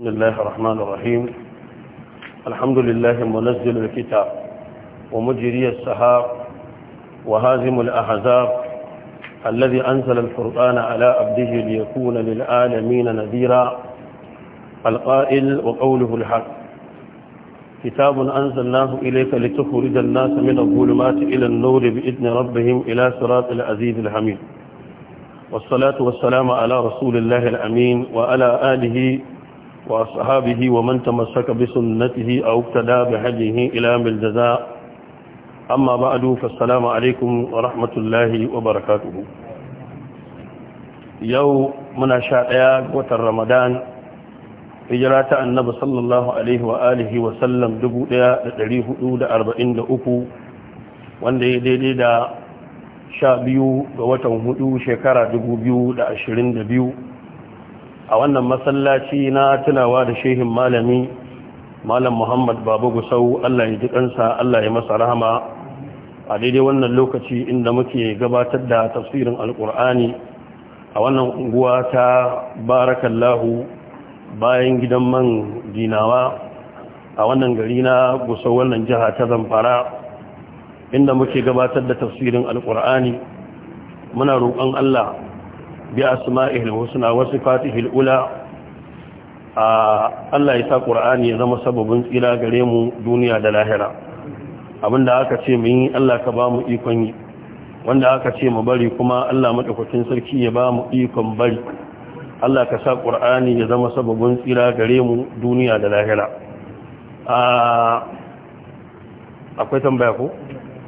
بسم الله الرحمن الرحيم الحمد لله منزل الكتاب ومجري السحاب وهازم الأحزاب الذي أنزل الفرقان على عبده ليكون للعالمين نذيرا القائل وقوله الحق كتاب أنزلناه إليك لتخرج الناس من الظلمات إلى النور بإذن ربهم إلى صراط العزيز الحميد والصلاة والسلام على رسول الله الأمين وعلى آله وعلى وأصحابه ومن تمسك بسنته أو اقتدى بهديه إلى بالجزاء أما بعد فالسلام عليكم ورحمة الله وبركاته يوم من شائع وتر رمضان hijira ta annabi sallallahu alaihi wa alihi wa sallam 1443 wanda ya daidai da 12 ga watan 4 shekara 2022 a wannan masallaci na tunawa da shehin malami malam muhammad babu gusau allah ya ji kansa allah ya masa rahama a daidai wannan lokaci inda muke gabatar da tafsirin alkur'ani a wannan unguwa ta barakallahu bayan gidan man dinawa a wannan gari na gusau wannan jiha ta zamfara inda muke gabatar da tafsirin alkur'ani muna roƙon allah بأسمائه الحسنى وصفاته الأولى Allah ya sa qur'ani ya zama sababin tsira gare mu duniya da lahira abinda aka ce mu yi Allah ka ba mu ikon yi wanda aka ce mu bari kuma Allah maɗaukakin sarki ya ba mu ikon bari Allah ka sa qur'ani ya zama sababin tsira gare mu duniya da lahira akwai tambaya ko?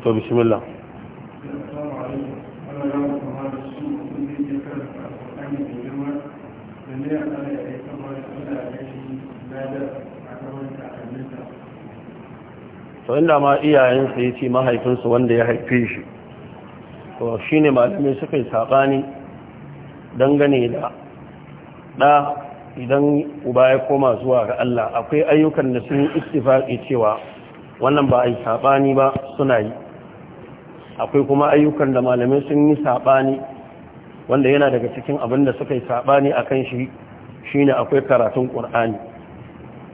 to bismillah to inda ma iyayensa ya ce mahaifinsu wanda ya haife shi to shi ne malamai suka yi saɓani dangane da ɗa idan uba ya koma zuwa ga Allah akwai ayyukan da sun istifaƙi cewa wannan ba a yi saɓani ba suna yi akwai kuma ayyukan da malamai sun yi saɓani wanda yana daga cikin abin da suka yi saɓani a kan shi shine akwai karatun ƙur'ani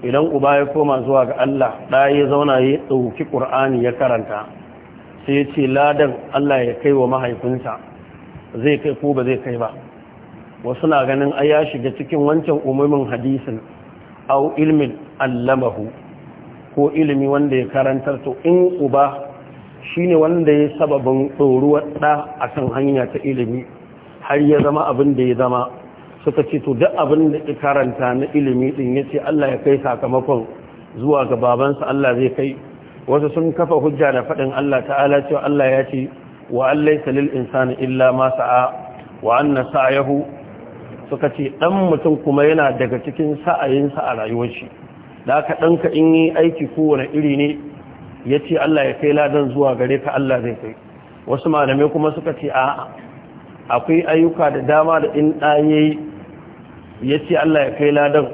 idan uba ya koma zuwa ga Allah da ya zauna ya ɗauki Qur'ani ya karanta sai ya ce ladan Allah ya kai wa mahaifinsa zai kai ko ba zai kai ba wasu na ganin ai ya shiga cikin wancan umumin hadisin au ilmin allamahu ko ilimi wanda ya karantar to in uba shine wanda ya sababin tsoruwar da akan hanya ta ilimi har ya zama abin da ya zama suka ce to duk abin da ya karanta na ilimi din ya ce Allah ya kai sakamakon zuwa ga babansa Allah zai kai wasu sun kafa hujja da faɗin Allah ta'ala cewa Allah ya ce wa alaysa lil insani illa ma sa'a wa anna sa'yahu suka ce dan mutum kuma yana daga cikin sa'ayinsa a rayuwar shi da ka danka in yi aiki kowane iri ne yace Allah ya kai ladan zuwa gare ka Allah zai kai wasu malamai kuma suka ce a'a akwai ayyuka da dama da in yi. ya ce Allah ya kai ladan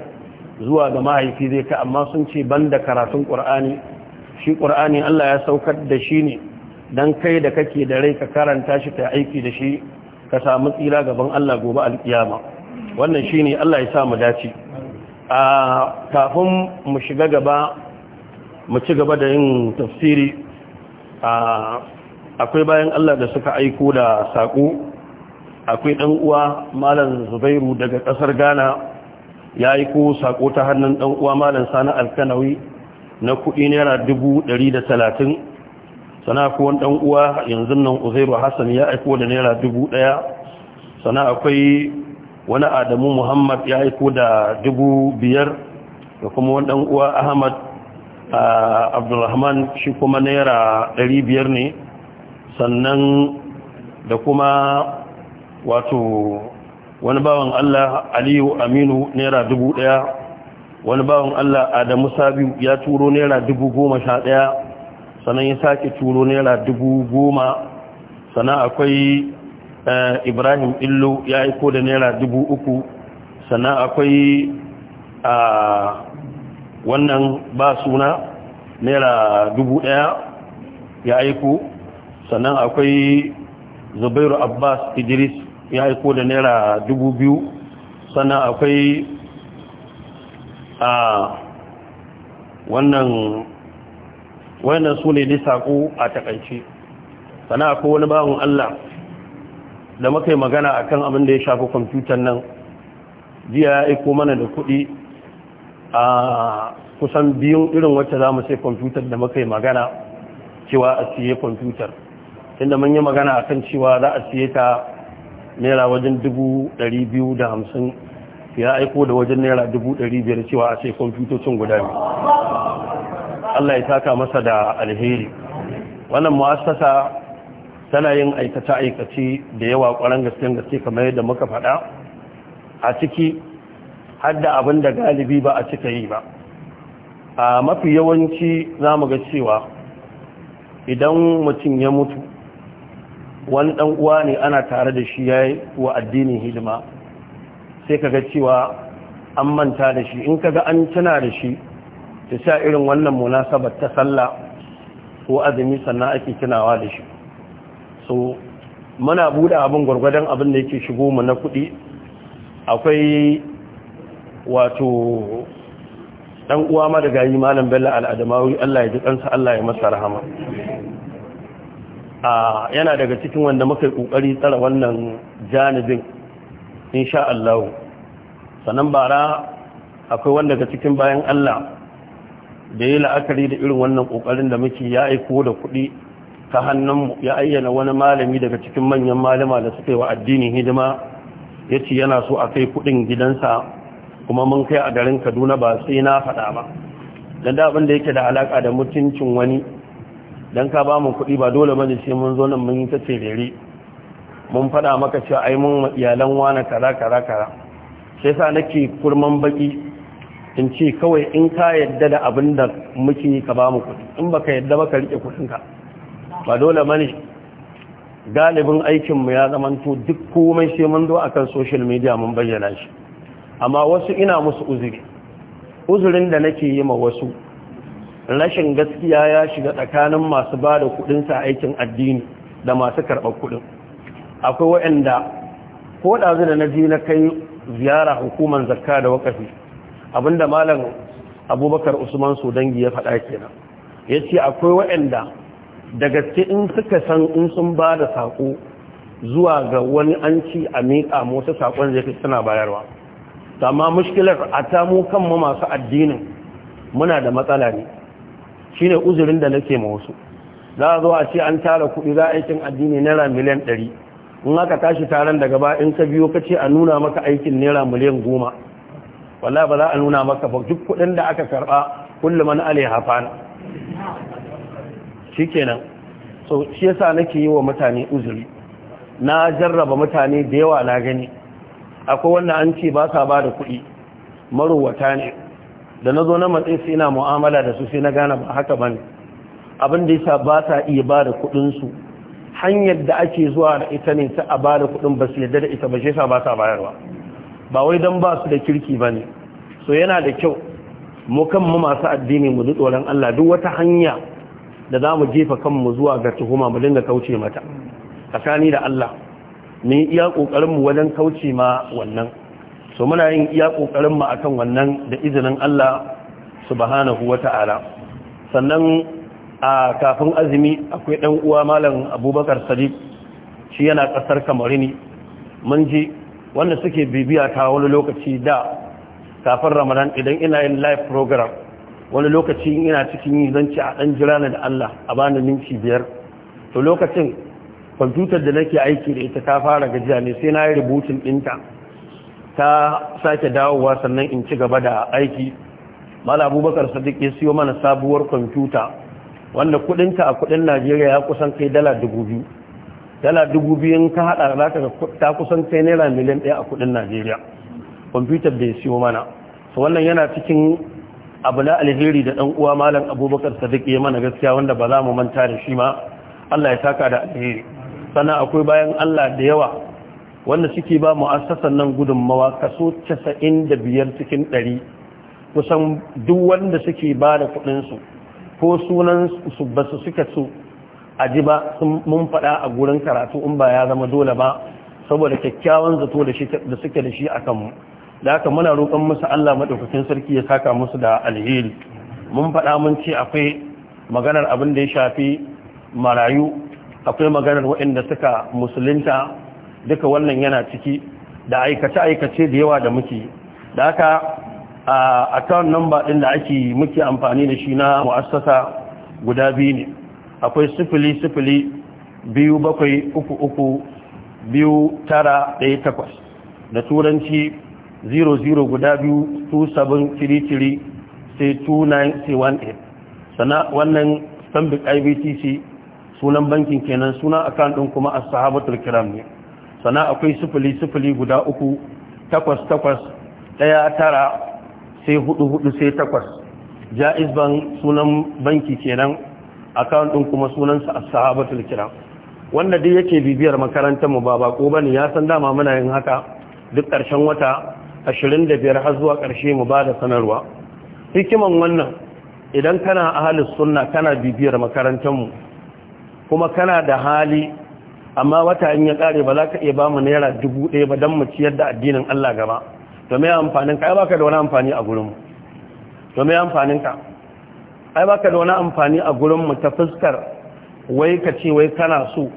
zuwa ga mahaifi zai ka amma sun ce ban da karatun ƙur'ani shi ƙur'ani Allah ya saukar da shi ne don kai da kake da rai ka karanta shi ta aiki da shi ka samu tsira gaban Allah gobe alƙiyama wannan shi ne Allah ya sa mu dace a kafin mu shiga gaba mu ci gaba da yin tafsiri akwai bayan Allah da suka aiko da saƙo akwai ɗan uwa malam zubairu daga ƙasar ghana ya yi ko sako ta hannun ɗan uwa malam sani alkanawi na kuɗi naira dubu ɗari da talatin sana kuwan ɗan uwa yanzu nan uzairu hassan ya aiko da naira dubu ɗaya sana akwai wani adamu muhammad ya aiko da dubu biyar da kuma wani ɗan uwa ahmad abdulrahman shi kuma naira ɗari biyar ne sannan da kuma wato wani bawan Allah Aliyu Aminu naira dubu ɗaya wani bawan Allah Adamu Sabiu ya turo naira dubu goma sha ɗaya sannan ya sake turo naira dubu goma sannan akwai eh, Ibrahim Illo ya aiko da naira dubu uku sannan akwai a wannan ba suna naira dubu ɗaya ya aiko sannan akwai zubairu abbas idris ya aiko da naira dubu biyu sannan akwai a wannan wannan su ne da saƙo a takaice sannan akwai wani bawon Allah da maka yi magana a kan abin da ya shafi kwamfutan nan jiya ya aiko mana da kuɗi a kusan biyun irin wacce za mu sai kwamfutan da maka yi magana cewa a siye kwamfutar inda mun yi magana a kan cewa za a siye ta naira wajen dubu ɗari biyu da hamsin ya aiko da wajen naira dubu ɗari biyar cewa a ce kwamfutocin guda biyu allah ya taka masa da alheri wannan mu'assasa tana yin aikace-aikace da yawa ƙwarar gaske gaske kamar yadda muka faɗa a ciki har da abin da galibi ba a cika yi ba a mafi yawanci za mu ga cewa idan mutum ya mutu wani dan uwa ne ana tare da shi yayi wa addinin hidima sai kaga cewa an manta da shi in kaga an tana da shi ta sa irin wannan munasabar ta sallah ko azumi sannan ake tunawa da shi so muna bude abin gwargwadon abin da yake shigo mu na kuɗi akwai wato dan uwa ma daga yi malam bello al'adamawi Allah ya ji kansa Allah ya masa rahama yana daga cikin wanda muka kokari tsara wannan janibin insha Allah sannan bara akwai wanda ga cikin bayan Allah da ya la'akari da irin wannan kokarin da muke ya aiko da kuɗi ta hannunmu ya ayyana wani malami daga cikin manyan malama da suka yi wa addinin hidima ya yana so a kai kuɗin gidansa kuma mun kai a garin kaduna ba sai na faɗa ba da abin da yake da alaƙa da mutuncin wani dan ka ba mu kuɗi ba dole bane sai mun zo nan mun yi ta cerere mun faɗa maka cewa ai mun iyalan wani kaza kaza kaza sai sa nake kurman baki in ce kawai in ka yadda da abin da muke ka ba mu kuɗi in baka yadda ba ka rike kuɗinka ba dole bane galibin aikinmu ya to duk komai sai mun zo akan social media mun bayyana shi amma wasu ina musu uzuri uzurin da nake yi ma wasu rashin gaskiya ya shiga tsakanin masu ba da kudinsa aikin addini da masu karɓar kudin akwai waɗanda ko ɗazu da na ji na kai ziyara hukumar zakka da wakafi abinda malam abubakar usman su dangi ya faɗa kenan ya ce akwai waɗanda da gaske in suka san in sun ba da saƙo zuwa ga wani an ci a miƙa motsa saƙon zai fi suna bayarwa amma mushkilar a tamu kanmu masu addinin muna da matsala ne shine uzurin da nake ma wasu za a zo a ce an tara kuɗi za a aikin addini naira miliyan ɗari in aka tashi taron daga ba in ka biyo ka ce a nuna maka aikin naira miliyan goma walla ba za a nuna maka ba duk kuɗin da aka karɓa kullum an ale hafana shikenan so shi yasa nake yi wa mutane uzuri na jarraba mutane da yawa na gani akwai wanda an ce ba sa ba da kuɗi Maruwata ne da na zo na matsayi su ina mu'amala da su sai na gane ba haka ba ne abin da yasa ba sa iya ba da kuɗinsu hanyar da ake zuwa da ita ne ta a ba da kuɗin ba su yadda da ita ba shi yasa ba sa bayarwa ba wai don ba su da kirki ba ne so yana da kyau mu kan mu masu addini mu tsoron Allah duk wata hanya da za mu jefa kanmu zuwa ga tuhuma mu dinga kauce mata tsakani da Allah mu iya kokarin mu wajen kauce ma wannan so muna yin iya kokarin mu akan wannan da izinin Allah subhanahu wata'ala sannan a kafin azumi akwai dan uwa malam Abubakar Sadiq shi yana kasar Kamarini mun ji wanda suke bibiya ta wani lokaci da kafin Ramadan idan ina yin live program wani lokaci ina cikin yi zanci a dan jira da Allah a bani minti biyar to lokacin kwamfutar da nake aiki da ita ta fara gajiya ne sai na yi rubutun ɗinta ta sake dawowa sannan in ci gaba da aiki mala abubakar sadiq ya siyo mana sabuwar kwamfuta wanda kudinta a kudin najeriya ya kusan kai dala dubu biyu dala dubu biyu ka hada za ka ta kusan kai naira miliyan ɗaya a kudin najeriya kwamfutar da siyo mana su wannan yana cikin abu na alheri da ɗan uwa malam abubakar sadiq ya mana gaskiya wanda ba za mu manta da shi ma allah ya saka da alheri sannan akwai bayan allah da yawa wanda suke ba mu'assasan nan gudunmawa kaso 95 cikin 100 kusan duk wanda suke ba da kudinsu ko sunan su ba su suka su a ji ba mun faɗa a gurin karatu in ba ya zama dole ba saboda kyakkyawan zato da suke da shi a kanmu da haka muna roƙon musu Allah maɗaukakin sarki ya saka musu da alheri mun faɗa mun ce akwai maganar abin da ya shafi marayu akwai maganar waɗanda suka musulunta duka wannan yana ciki da aikace-aikace da yawa da muke da haka a account number din da ake muke amfani da shi na mu'assasa guda biyu ne akwai sifili sifili biyu bakwai uku uku biyu tara ɗaya takwas da turanci 00 guda biyu 2733 sai 29318 sana wannan stanbic ibtc sunan bankin kenan sunan account din kuma a sahabatul kiram ne sana akwai sifili-sifili guda uku takwas takwas ɗaya tara sai hudu hudu sai takwas ja'iz ban sunan banki kenan akawun ɗin kuma sunansa a sahabatul kiram wanda duk yake bibiyar makarantar mu ba bako bane ya san dama muna yin haka duk ƙarshen wata 25 har zuwa ƙarshe mu bada sanarwa hikiman wannan idan kana ahlus sunna kana bibiyar makarantar mu kuma kana da hali amma wata in ya kare ba za ka iya ba mu naira dubu ɗaya ba don mu ciyar da addinin Allah gaba to me amfanin ka ai baka da wani amfani a gurin to me amfanin ka ai baka da wani amfani a gurin mu ta fuskar wai ka ce wai kana so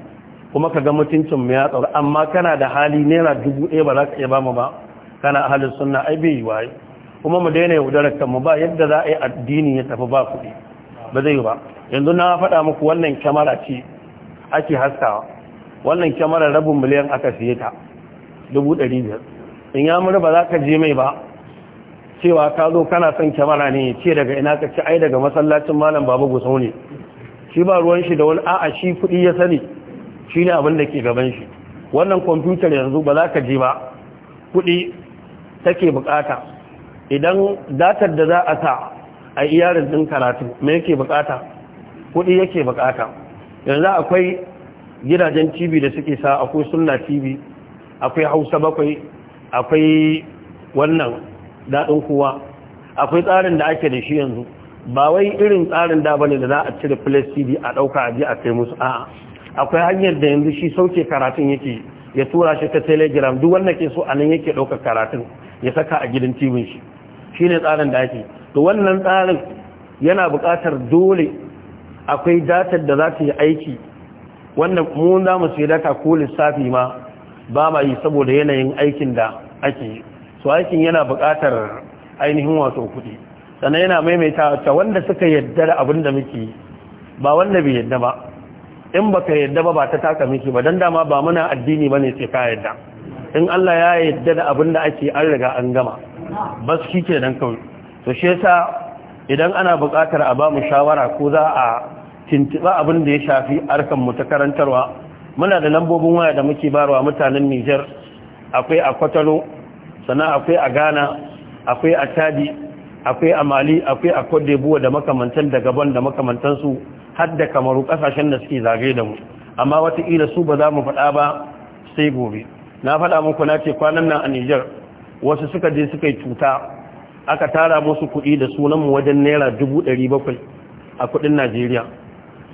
kuma ka ga mutuncin mu ya tsaro amma kana da hali naira dubu ɗaya ba za ka iya ba mu ba kana ahalin sunna ai bai waye kuma mu daina yaudarar kanmu ba yadda za a yi addini ya tafi ba kuɗi ba zai yi ba yanzu na faɗa muku wannan kyamara ce ake haskawa wannan kyamarar rabin miliyan aka siye ta dubu ɗari in ya mura ba za ka je mai ba cewa ka zo kana son kyamara ne ce daga ina ka ci ai daga masallacin malam Babu gusau ne shi ba ruwan shi da wani a'a shi kuɗi ya sani shi ne abin da ke gaban shi wannan kwamfutar yanzu ba za ka je ba kuɗi take bukata idan datar da za a sa a iyarin ɗin karatu me yake bukata kuɗi yake bukata yanzu akwai gidajen tv da suke sa akwai sunna tv akwai hausa bakwai akwai wannan daɗin kowa akwai tsarin da ake da shi yanzu ba wai irin tsarin da bane da za a cire plus tv a ɗauka a je a kai musu a'a akwai hanyar da yanzu shi sauke karatun yake ya tura shi ta telegram duk wanda ke so anan yake ɗauka karatun ya saka a gidan tv shi shine tsarin da ake to wannan tsarin yana buƙatar dole akwai datar da za ta yi aiki wanda mu za mu sai daka ko lissafi ma ba ma yi saboda yanayin aikin da ake yi so aikin yana buƙatar ainihin wato kuɗi sannan yana maimaita ta wanda suka yadda da abin da muke yi ba wanda bai yadda ba in baka yadda ba ba ta taka miki ba don dama ba muna addini ba ne sai ka yadda in Allah ya yadda da abin da ake an riga an gama ba su kike don kawai to shi yasa idan ana buƙatar a ba mu shawara ko za a tintiba abin da ya shafi harkanmu mu ta karantarwa muna da lambobin waya da muke barwa mutanen nijar akwai a Kwatano sannan akwai a Ghana akwai a Chadi akwai a Mali akwai a Cote d'Ivoire da makamantan da Gabon da makamantan su har da Kamaru kasashen da suke zage da mu amma wata ila su ba za mu faɗa ba sai gobe na faɗa muku na ce kwanan nan a nijar wasu suka je suka yi cuta aka tara musu kuɗi da sunan mu wajen naira dubu a kuɗin Najeriya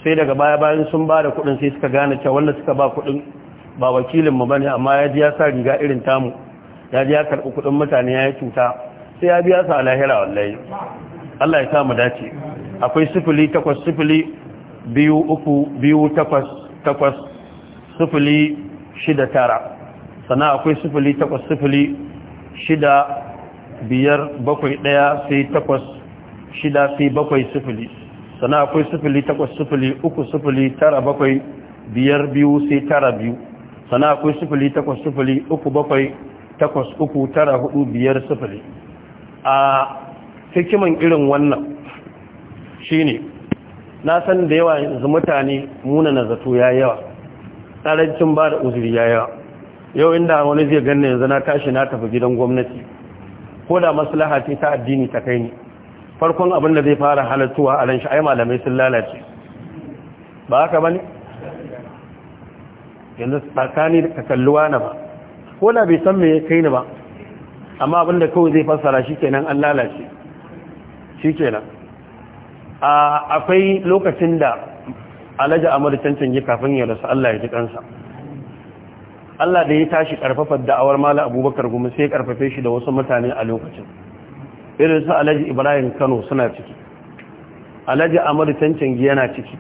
sai daga baya bayan sun ba da kuɗin sai suka gane cewa wanda suka ba kuɗin ba wakilin mu bane amma ya ji ya sa riga irin tamu ya ji ya karbi kuɗin mutane ya yi cuta sai ya biya su alahira wallahi Allah ya sa mu dace akwai sifili takwas sifili biyu uku biyu takwas takwas sifili shida tara sannan akwai sifili takwas sifili shida biyar bakwai ɗaya sai takwas shida sai bakwai sifili sana akwai sufuli takwas sufuli uku sufuli tara bakwai biyar biyu sai tara biyu sana akwai sufuli takwas sufuli uku bakwai takwas uku tara hudu biyar sufuli a hikiman irin wannan shine na san da yawa yanzu mutane muna na zato ya yawa tsarancin ba da uzuri ya yawa yau inda wani zai ganin yanzu na tashi na tafi gidan gwamnati ko da maslaha ce ta addini ta kai ne farkon abin da zai fara halittuwa a ran sha'ai malamai sun lalace ba haka ne? yanzu tsakani da kakalluwa na ba ko da bai san me kai ni ba amma abin da kawai zai fassara shi kenan an lalace shi kenan akwai lokacin da alaji amur cancan yi kafin ya rasu Allah ya ji kansa Allah da ya tashi karfafa da'awar mala abubakar gumi sai ya karfafe shi da wasu mutane a lokacin irin su alhaji ibrahim kano suna ciki alhaji amur giya yana ciki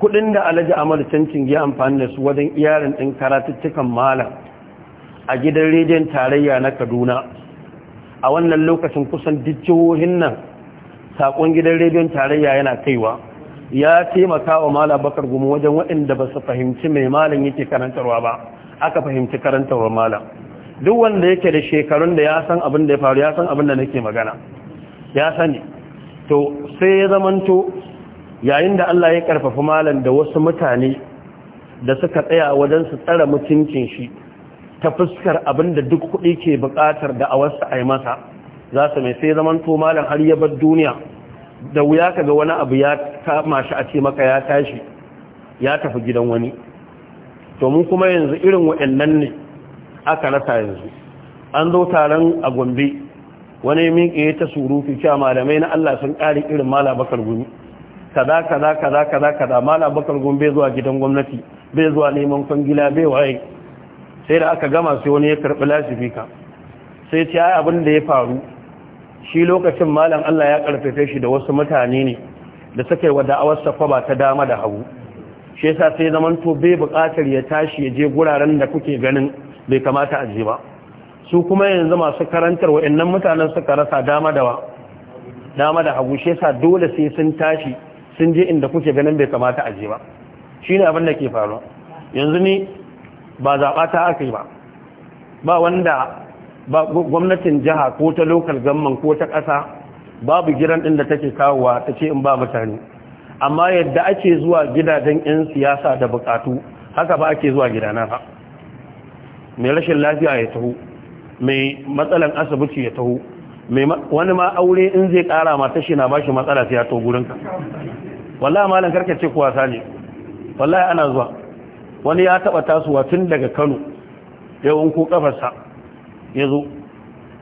kudin da alhaji amadu cancangi ya amfani da su wajen iyarin ɗin karatuttukan malam a gidan rediyon tarayya na kaduna a wannan lokacin kusan dijjohin nan saƙon gidan rediyon tarayya yana kaiwa ya taimaka wa malam bakar gumu wajen waɗanda ba su fahimci mai malam yake karantarwa ba aka fahimci karantarwa malam duk wanda yake da shekarun da ya san abin da ya faru ya san abin da nake magana ya sani to sai ya zamanto yayin da Allah ya karfafa malam da wasu mutane da suka tsaya wajen su tsara mutuncin shi ta fuskar abin da duk kuɗi ke bukatar da a wasu a yi masa za su mai sai zamanto malam har ya bar duniya da wuya ka ga wani abu ya kama shi a ce maka ya tashi ya tafi gidan wani to mun kuma yanzu irin waɗannan ne aka rasa yanzu an zo taron a gombe wani miƙe ta surufi cewa malamai na Allah sun ƙari irin mala bakar gumi kaza kaza kaza kaza kaza mala bakar gumi zuwa gidan gwamnati bai zuwa neman kwangila bai waye sai da aka gama sai wani ya karɓi lasifika sai ce yi abin da ya faru shi lokacin malam Allah ya karfafe shi da wasu mutane ne da suka wa da'awar safa ba ta dama da hagu shi yasa sai zamanto bai buƙatar ya tashi ya je guraren da kuke ganin bai kamata a je ba su kuma yanzu masu karantar wa'annan mutanen suka rasa dama da wa dama da hagu shi yasa dole sai sun tashi sun je inda kuke ganin bai kamata a je ba shine abin da ke faruwa yanzu ni ba zaɓa ta aka yi ba ba wanda ba gwamnatin jiha ko ta lokal gamman ko ta ƙasa babu giran ɗin da take kawowa ta ce in ba mutane amma yadda ake zuwa gidajen 'yan siyasa da bukatu haka ba ake zuwa gidana ba mai rashin lafiya ya taho mai matsalan asibiti ya taho wani ma aure in zai kara ma tashi na bashi matsala sai ya to gurinka wallahi malam karka ce kuwa sani wallahi ana zuwa wani ya taba tasowa tun daga Kano ya ko kafarsa ya zo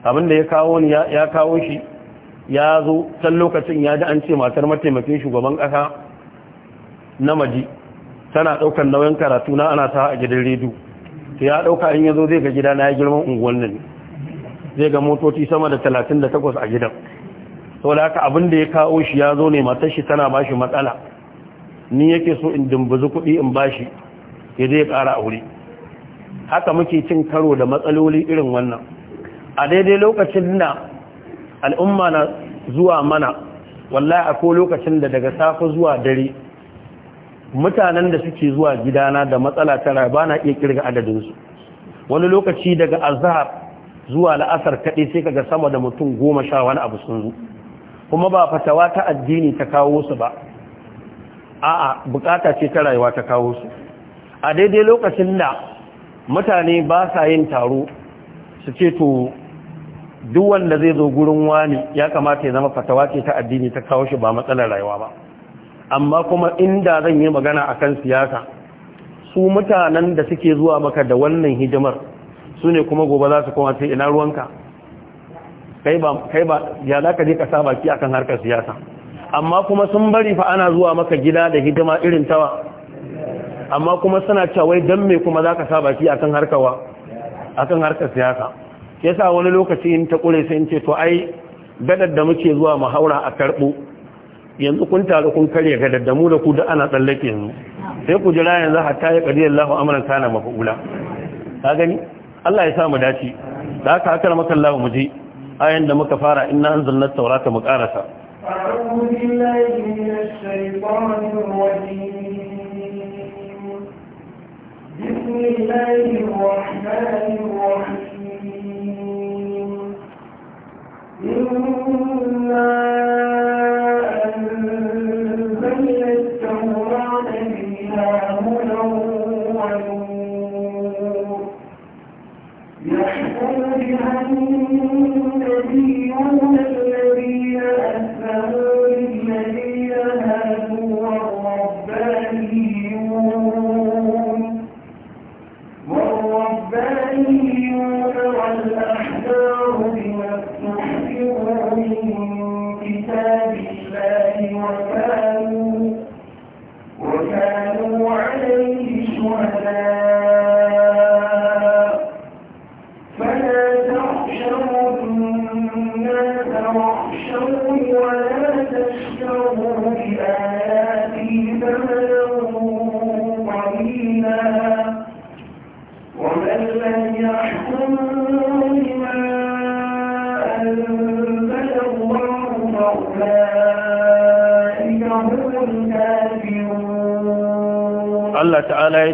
abinda ya kawo ni ya kawo shi ya zo san lokacin ya ji an ce matar mataimakin shugaban kasa na maji tana daukar nauyin karatu na ana sa a gidan rediyo to ya dauka in yazo zai ga gida na ya girman unguwan nan zai ga motoci sama da 38 a gidan da haka abin da ya kawo shi ya zo ne matar shi tana bashi matsala ni yake so in dumbuzu kuɗi in bashi ya zai ƙara aure haka muke cin karo da matsaloli irin wannan a daidai lokacin da al'umma na zuwa mana wallahi akwai lokacin da daga safe zuwa dare mutanen da suke zuwa gidana da matsala tara ba na iya kirga adadinsu wani lokaci daga azhar zuwa la'asar kaɗai sai kaga sama da mutum goma sha wani abu sun zo kuma ba fatawa ta addini ta kawo su ba a'a bukata ce ta rayuwa ta kawo su a daidai lokacin da mutane ba sa yin taro su ce to duk wanda zai zo gurin wani ya kamata ya zama fatawa ce ta addini ta kawo shi ba matsalar rayuwa ba amma kuma inda zan yi magana a kan siyasa su mutanen da suke zuwa maka da wannan hidimar su ne kuma gobe za su kuma sai ina ruwanka kai ba ya za ka je ka sa baki akan harkar siyasa amma kuma sun bari fa ana zuwa maka gida da hidima irin tawa amma kuma suna cawai don me kuma za ka sa baki akan harkawa akan harkar siyasa yasa wani lokaci in ta kure sai in ce to ai gadar da muke zuwa mu haura a karɓo yanzu kun taru kun karya ga daddamu da ku da ana tsallake yanzu sai ku jira yanzu ta ya kadi Allahu amran kana mafa'ula ka gani Allah ya sa mu dace da haka haka maka Allah mu je ayan da muka fara inna anzalna tawrata mu karasa أعوذ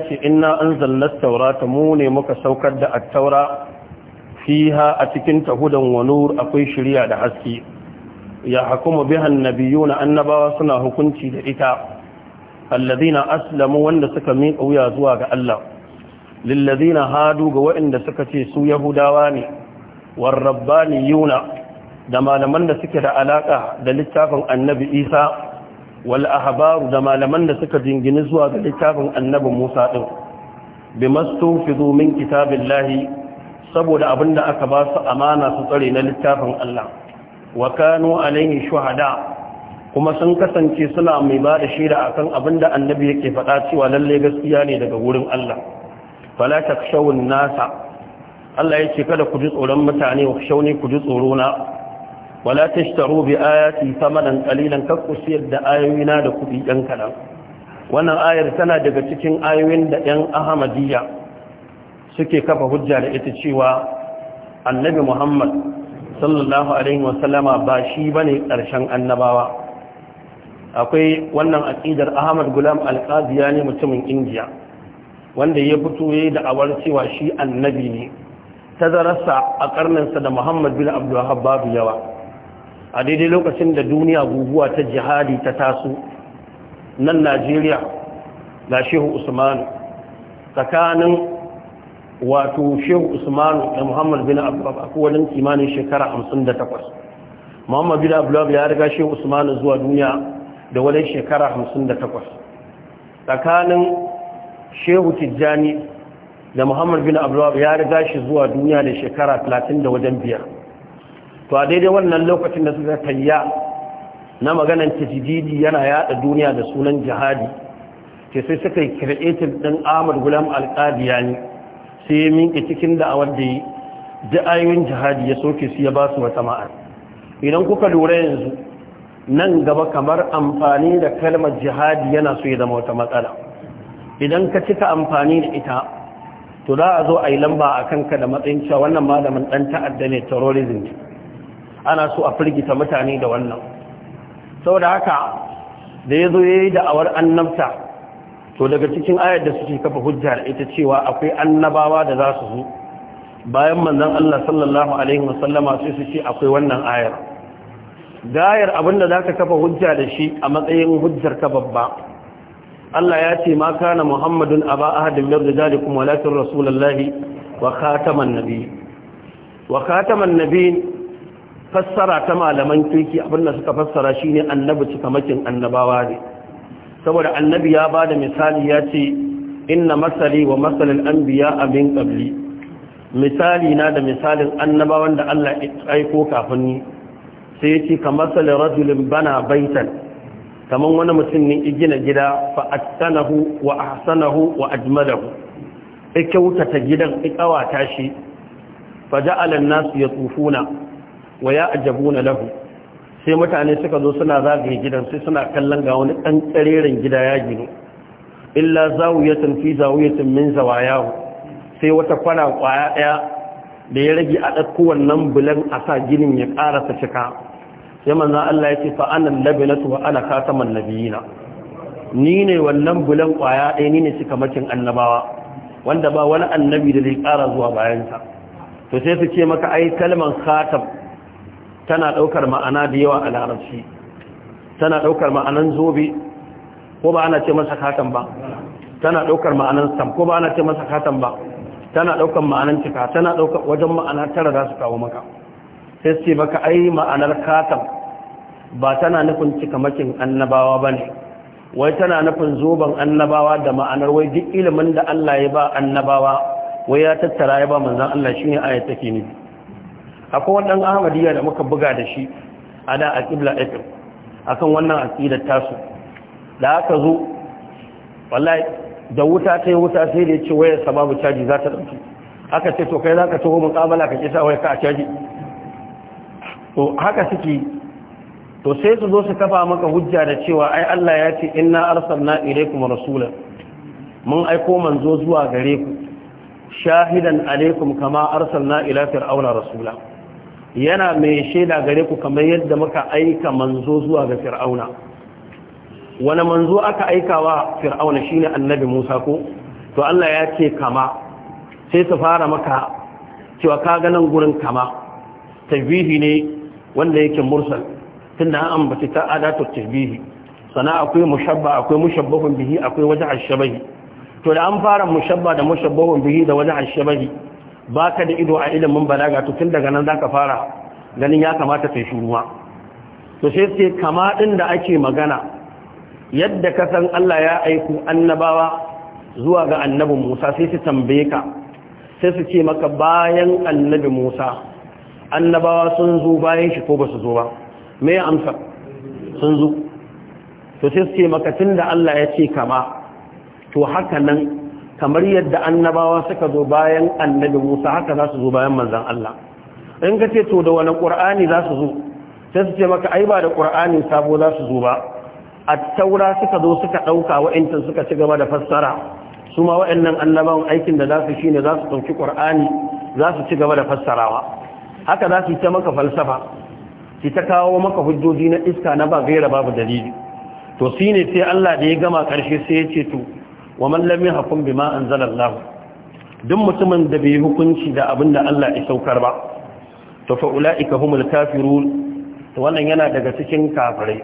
ce inna anzalna at-taurata mu ne muka saukar da attaura? fiha a cikin tahudan wa nur akwai shirya da haske ya hukumu biha na annabawa suna hukunci da ita alladhina aslamu wanda suka miƙa wuya zuwa ga Allah lillazina hadu ga waɗanda suka ce su yahudawa ne war rabbaniyuna da malaman da suke da alaka da littafin annabi Isa wal ahbaru da malaman da suka jingini zuwa ga littafin annabi Musa din bimastufizu min kitabillahi saboda abinda aka ba su amana su tsare na littafin Allah wa kanu alaihi shuhada kuma sun kasance suna mai ba da shaida abin da annabi yake faɗa cewa lallai gaskiya ne daga wurin Allah fala takshawun nasa Allah ce kada ku ji tsoron mutane wa ku ji tsoro na wala tashtaru bi ayati thamanan qalilan kakku siyar da ayoyina da kudi ɗan kaɗan wannan ayar tana daga cikin ayoyin da ɗan ahmadiyya suke kafa hujja da ita cewa annabi muhammad sallallahu alaihi wasallama ba shi bane ƙarshen annabawa akwai wannan aqidar ahmad gulam alqaziya ne mutumin indiya wanda ya fito ya yayi da'awar cewa shi annabi ne tazararsa a karninsa da muhammad bin abdullahi babu yawa a daidai lokacin da duniya guguwa ta jihadi ta taso nan najeriya da shehu usmanu tsakanin wato shehu usmanu da muhammad bin abubakar a kowane kimanin shekara 58 muhammad bin abubakar ya riga shehu usmanu zuwa duniya da wani shekara 58 tsakanin shehu tijjani da muhammad bin abubakar ya riga shi zuwa duniya da shekara 30 da wajen biyar to a daidai wannan lokacin da suka tayya na maganan tajididi yana yada duniya da sunan jihadi ce sai suka yi kiretin ɗin ahmad gulam alƙadiyani sai ya minke cikin da'awar da yi da'ayoyin jihadi ya soke su ya ba su wata ma'ar idan kuka lura yanzu nan gaba kamar amfani da kalmar jihadi yana so ya zama wata matsala idan ka cika amfani da ita to za a zo a yi lamba a kanka da matsayin cewa wannan malamin ɗan ta'adda ne terrorism ana so a firgita mutane da wannan saboda haka da ya zo ya yi da'awar annabta to daga cikin ayar da suke kafa hujjar ita cewa akwai annabawa da za su zo bayan manzan Allah sallallahu alaihi wasallama sai su ce akwai wannan ayar gayar abinda zaka kafa hujja da shi a matsayin hujjar ka babba Allah ya ce ma kana Muhammadun aba ahadin min kuma walakin rasulullahi wa khataman nabiy wa khataman nabiy fassara ta malaman kirki abinda suka fassara shine annabi cikamakin annabawa ne saboda annabi ya ba da misali ya ce inna masali wa an anbiya amin qabli misali na da misalin annabawan da Allah ya aiko kafin ni sai ya ce ka salin rajulin bana baitan kamar wani mutum ne igina gida fa'attanahu wa ahsanahu wa ajmalahu ya kyautata gidan ikawata shi faja'alan nasu ya tsufuna wa ya na lahu sai mutane suka zo suna zagaye gidan sai suna kallon ga wani ɗan gida ya gino illa zawiyatan fi zawiyatin min zawayahu sai wata kwana kwaya ɗaya da ya rage a ɗauko wannan bulan a sa ginin ya ƙara ta cika sai manzo Allah ya ce fa ana labinatu wa ana khataman nabiyina ni ne wannan bulan kwaya ɗaya ni ne makin annabawa wanda ba wani annabi da zai ƙara zuwa bayansa to sai su ce maka ai kalman khatam tana ɗaukar ma'ana da yawa a larabci tana ɗaukar ma'anan zobe ko ba ana ce masa katan ba tana ɗaukar ma'anan sam ko ba ana ce masa katan ba tana ɗaukar ma'anan cika tana ɗaukar wajen ma'ana tara za su kawo maka sai ce maka ai ma'anar katan ba tana nufin cika makin annabawa ba ne wai tana nufin zoben annabawa da ma'anar wai duk ilimin da Allah ya ba annabawa wai ya tattara ya ba manzan Allah shi ne ayat take nufi akwai wannan ahmadiyya da muka buga da shi a da a ƙibla a akan wannan aƙidar tasu da aka zo wallahi da wuta ta yi wuta sai da ya ce wayar sababu caji za ta ɗauki aka ce to kai za ka taho muƙamala ka kisa wayar ka a caji to haka suke to sai su zo su kafa maka hujja da cewa ai Allah ya ce inna arsalna ilaykum rasula. mun aiko manzo zuwa gare ku shahidan alaikum kama arsalna ila fir'auna rasula yana mai shaida gare ku kamar yadda muka aika manzo zuwa ga fir'auna wani manzo aka aika wa fir'auna shine annabi musa ko to allah ya ce kama sai su fara maka cewa ka ganin gurin kama tabihi ne wanda yake mursal tunda an ambaci ta adatu tabihi sana akwai mushabba akwai mushabbahun bihi akwai wajen ashabahi to da an fara mushabba da mushabbahun bihi da wajen ashabahi Ba ka da ido a ilimin balaga to tun daga nan zaka fara ganin ya kamata kai shuruwa to sai sai kama din da ake magana yadda ka san Allah ya aiku annabawa zuwa ga annabi Musa sai su tambaye ka sai su ce maka bayan annabi Musa annabawa sun zo bayan shi ko ba su zo ba me amsa sun zo to sai su ce maka tunda Allah ya ce kama to haka nan kamar yadda annabawa suka zo bayan annabi Musa haka za su zo bayan manzan Allah in ka ce to da wani ƙur'ani za su zo sai su ce maka ai ba da ƙur'ani sabo za su zo ba A taura suka zo suka ɗauka wa'antan suka ci gaba da fassara su ma wa'annan annabawan aikin da za su shi ne za su ɗauki ƙur'ani za su ci gaba da fassarawa haka za su yi ta maka falsafa su ta kawo maka hujjoji na iska na ba gaira babu dalili to ne sai Allah da ya gama ƙarshe sai ya ce to wa man lam an bima anzalallahu duk mutumin da bai hukunci da abin da Allah ya saukar ba to fa ulaika humul kafirun to wannan yana daga cikin kafirai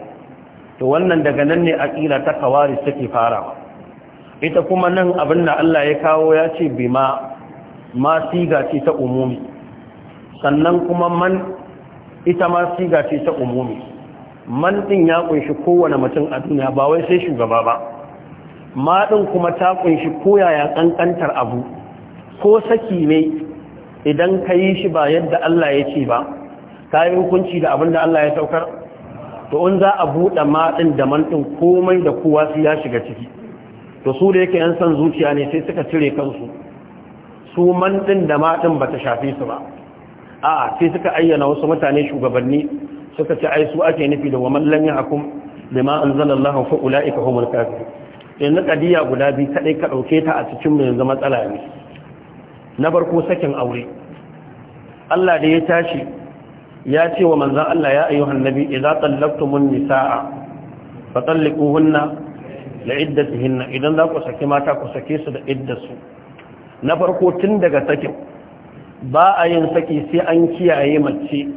to wannan daga nan ne aqila ta kawari take farawa ita kuma nan abin da Allah ya kawo ya ce bima ma siga ce ta umumi sannan kuma man ita ma siga ce ta umumi man ɗin ya ƙunshi kowane mutum a duniya ba wai sai shugaba ba Maɗin kuma ta ƙunshi koyaya ƙanƙantar abu ko saki ne idan ka yi shi ba yadda Allah ya ce ba ta yi hukunci da abin da Allah ya saukar to in za a buɗe maɗin da mantin komai da kowa su ya shiga ciki to su da yake yan son zuciya ne sai suka cire kansu su mantin da maɗin ba ta shafe su ba a'a sai suka ayyana wasu mutane shugabanni suka ce ai su ake nufi da wa man lam yahkum bima anzalallahu fa ulaika humul kafirun yanzu kadiya guda biyu kaɗai ka ɗauke ta a cikin mu yanzu matsala ne na farko sakin aure Allah da ya tashi ya ce wa manzon Allah ya ayyuhan nabi idza tallaqtumun nisaa fa talliquhunna la iddatihinna idan za ku saki mata ku sake su da su. na farko tun daga sakin ba a yin saki sai an kiyaye mace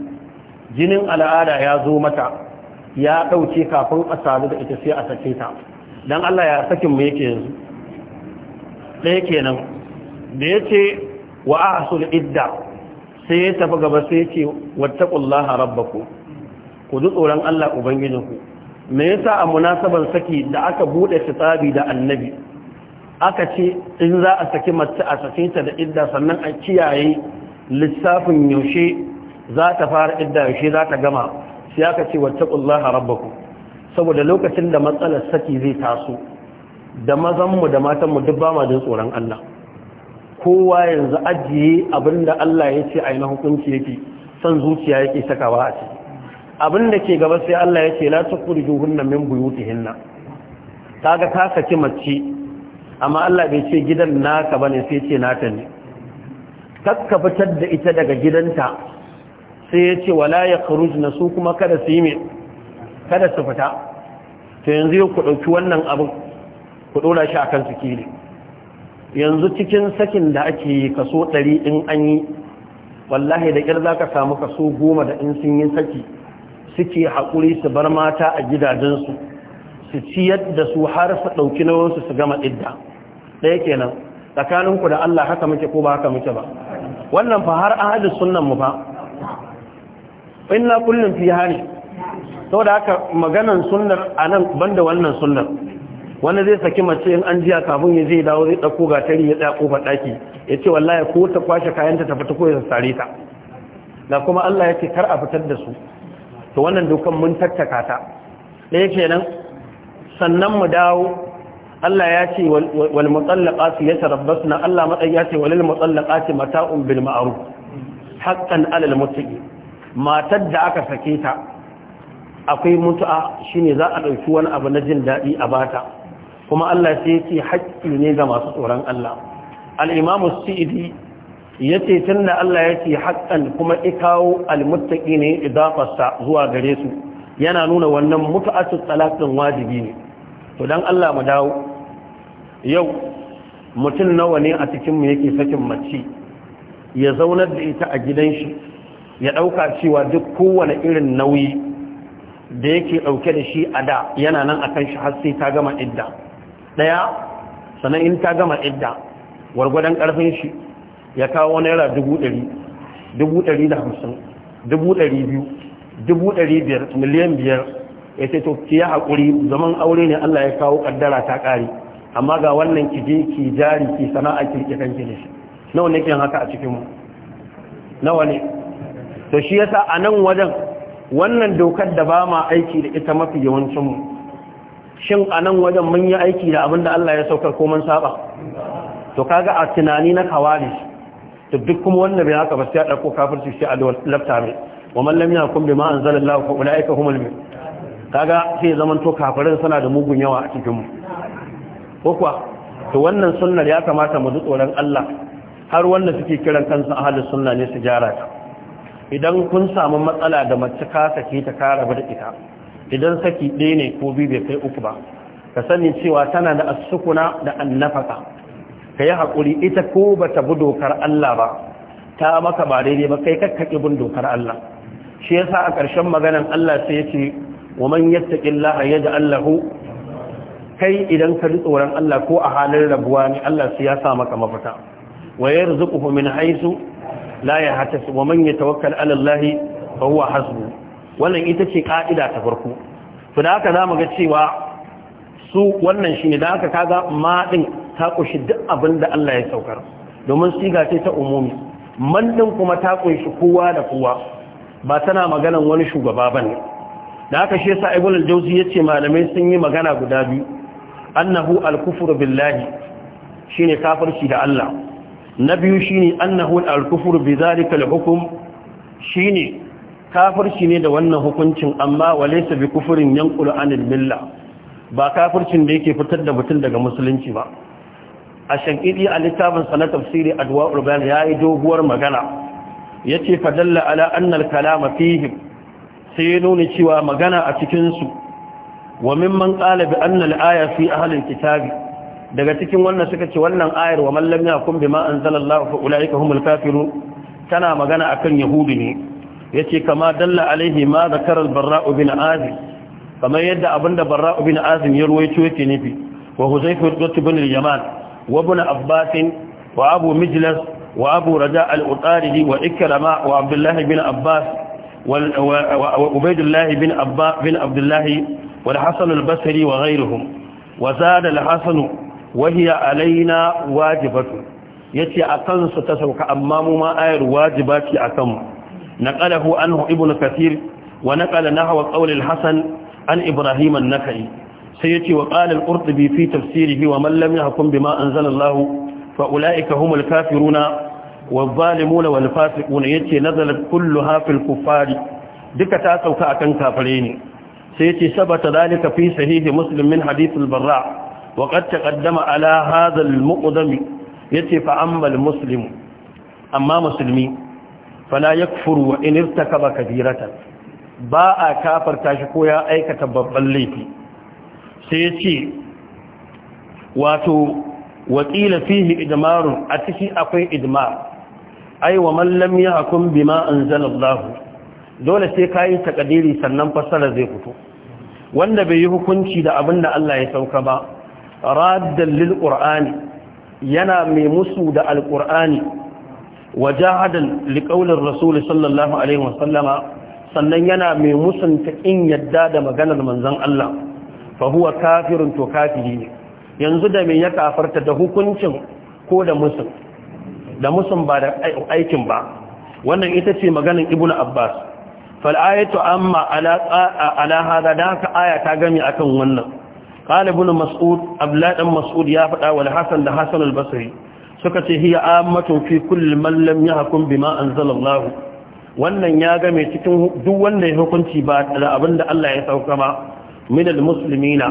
jinin al'ada ya zo mata ya ɗauke kafin a sadu da ita sai a sake ta dan Allah ya sakin mu yake yanzu ɗaya kenan da ya ce wa ahsul idda sai ya tafi gaba sai ya ce wattaqullaha rabbakum ku ji tsoron Allah ubangijinku me yasa a munasabar saki da aka bude fitabi da annabi aka ce in za a saki mace a ta da idda sannan a kiyaye lissafin yaushe za ta fara idda yaushe za ta gama sai aka ce wattaqullaha rabbakum saboda lokacin da matsalar saki zai taso da mazanmu da matanmu duk ba ma jin tsoron Allah kowa yanzu ajiye abinda Allah ya ce a na hukunci yake son zuciya yake sakawa a ciki abinda ke gaba sai Allah ya ce la hunna min buyutihinna kaga ka saki mace amma Allah bai ce gidan naka bane sai ce nata ne kakka fitar da ita daga gidanta sai ya ce wala yakhrujna su kuma kada su yi mai kada su fita to yanzu ku ɗauki wannan abin ku ɗora shi a kan sikili yanzu cikin sakin da ake kaso ɗari in an yi wallahi da ƙyar za ka samu kaso goma da in sun yi saki suke haƙuri su bar mata a gidajensu su ciyar da su har su ɗauki nauyinsu su gama idda ɗaya kenan tsakaninku da Allah haka muke ko ba haka muke ba wannan fa har ahadin sunnan mu fa inna kullum fi hali da aka maganan sunnar anan banda wannan sunnar wanda zai saki mace in an jiya kafin ya zai dawo zai ga gatari ya tsaya kofar ɗaki ya ce wallahi ko ta kwashe kayanta ta fita ko ya sare ta da kuma Allah ya ce kar a fitar da su to wannan dokan mun tattaka ta ɗaya kenan sannan mu dawo Allah ya ce wal mutallaqati yatarabbasna Allah matsayi ya ce walil mutallaqati mata'un bil ma'ruf haqqan 'alal muttaqin matar da aka sake ta akwai mutu'a shine za a ɗauki wani abu na jin daɗi a bata kuma Allah sai yake haƙƙi ne ga masu tsoron Allah al ya ce yace tunda Allah ya ce haƙƙan kuma ikawo al-muttaqi ne idafarsa zuwa gare su yana nuna wannan mutu'atu talatin wajibi ne to dan Allah mu dawo yau mutum nawa ne a cikin mu yake sakin mace ya zaunar da ita a gidan shi ya ɗauka cewa duk kowane irin nauyi da yake ɗauke da shi a da yana nan a kan shi har sai ta gama idda ɗaya sannan in ta gama idda wargwadan ƙarfin shi ya kawo naira dubu ɗari dubu ɗari da hamsin dubu ɗari biyu dubu ɗari biyar miliyan biyar ya ce to ki ya haƙuri zaman aure ne Allah ya kawo ƙaddara ta ƙare amma ga wannan ki je ki jari ki sana'a ki kanki da shi nawa ne kin haka a cikin mu nawa ne to shi yasa a nan wajen wannan dokar da ba ma aiki da ita mafi yawancinmu shin a nan wajen mun yi aiki da abinda Allah ya saukar ko mun saba to kaga a tunani na kawari to duk kuma wannan bai haka ba sai a dauko kafirci sai a lafta mai wa man lam kun bi anzalallahu fa ulaika humul kaga sai zaman to kafirin suna da mugun yawa a cikin mu ko kuwa to wannan sunnar ya kamata mu ji tsoron Allah har wanda suke kiran kansu ahlus sunna ne su jara ta idan kun samu matsala da mace ka sake ta kara bar ita idan saki ɗaya ne ko biyu bai kai uku ba ka sani cewa tana da asukuna da annafaka ka yi haƙuri ita ko ba ta bi dokar Allah ba ta maka ba daidai ba kai kakkaƙi bin dokar Allah shi yasa a ƙarshen maganan Allah sai ya ce wa man yattaqillaha yaj'al lahu kai idan ka ji tsoron Allah ko a halin rabuwa ne Allah sai ya sa maka mafita wa yarzuquhu min haythu la ya hatasi wa man yatawakkal ala Allah fa huwa hasbu wannan ita ce ka'ida ta farko to da haka zamu ga cewa su wannan shine da haka kaga ma din ta kushi duk abin da Allah ya saukar domin siga ce ta umumi man din kuma ta kunshi kowa da kowa ba tana maganan wani shugaba bane da haka shi yasa Ibn al-Jawzi yace malamai sun yi magana guda biyu annahu al-kufru billahi shine kafirci da Allah na biyu shi ne al Alkufur bi zalika shi ne kafirci ne da wannan hukuncin amma walaysa bi kufrin yanqulu anil milla ba kafircin da yake fitar da mutum daga musulunci ba a shankidi a littafinsa na tafsiri adwa'ul ya yayi doguwar magana yace fadalla ala anna al-kalama fihim sai ya nuna cewa magana a cikin su wa mimman ƙalabi bi aya fi ahli kitabi daga cikin wannan suka ce wannan ayar wa man lam yakum bima anzalallahu fa ulaika humul kafiru tana magana akan yahudi ne yace kama dalla alaihi ma zakara al-barra'u bin azib kamar yadda abinda barra'u bin azib ya ruwaito yake nufi wa huzaifa ibn al-yaman wa ibn abbas wa abu mijlas wa abu raja al-utarihi wa ikrama wa abdullah bin abbas wa ubaydullah bin abbas bin abdullah wal hasan al-basri wa ghayruhum وزاد الحسن wahiya alaina wajibatu yace a kansu ta sauka amma mu ma ayar wajiba ce a kanmu naqalahu anhu ibn kathir wa naqala nahwa qawl al-hasan an ibrahim an-nakhai sai yace wa qala al-qurtubi fi tafsirihi wa man lam yahkum bima anzala Allah fa ulaika humul kafiruna والظالمون والفاسقون yace nazalat kulluha fil kuffari duka ta sauka akan kafare ne sai yace sabata dalika fi sahihi muslim min hadith barra wa qad taqaddama ala hadha al-muqdam yace fa amma musulmi muslim amma muslimi fala yakfuru wa in irtakaba kabiratan ba a kafar shi ko ya aikata babban laifi sai yace wato wakila fihi idmarun a ciki akwai idmar ai wa man lam yahkum bima anzalallahu dole sai kai takadiri sannan fassara zai fito wanda bai yi hukunci da abinda Allah ya sauka ba raddan lil yana mai musu da alqur'ani wajahadan liqaulir rasul sallallahu alaihi wasallama sannan yana mai musunta in yadda da maganar manzon Allah fahuwa kafirin to kafiri ne yanzu da me ya kafarta da hukuncin ko da musun da musun ba da aikin ba wannan ita ce maganin ibnu abbas fal'ayatu amma ala ala hada da haka aya ta gami akan wannan قال ابن مسعود Dan Mas'ud, مسعود يا فتا والحسن ده حسن البصري سكتي هي عامة في كل من لم يحكم بما أنزل الله wannan ya ga mai cikin duk wanda ya hukunci ba da abin da Allah ya sauka ba. min almuslimina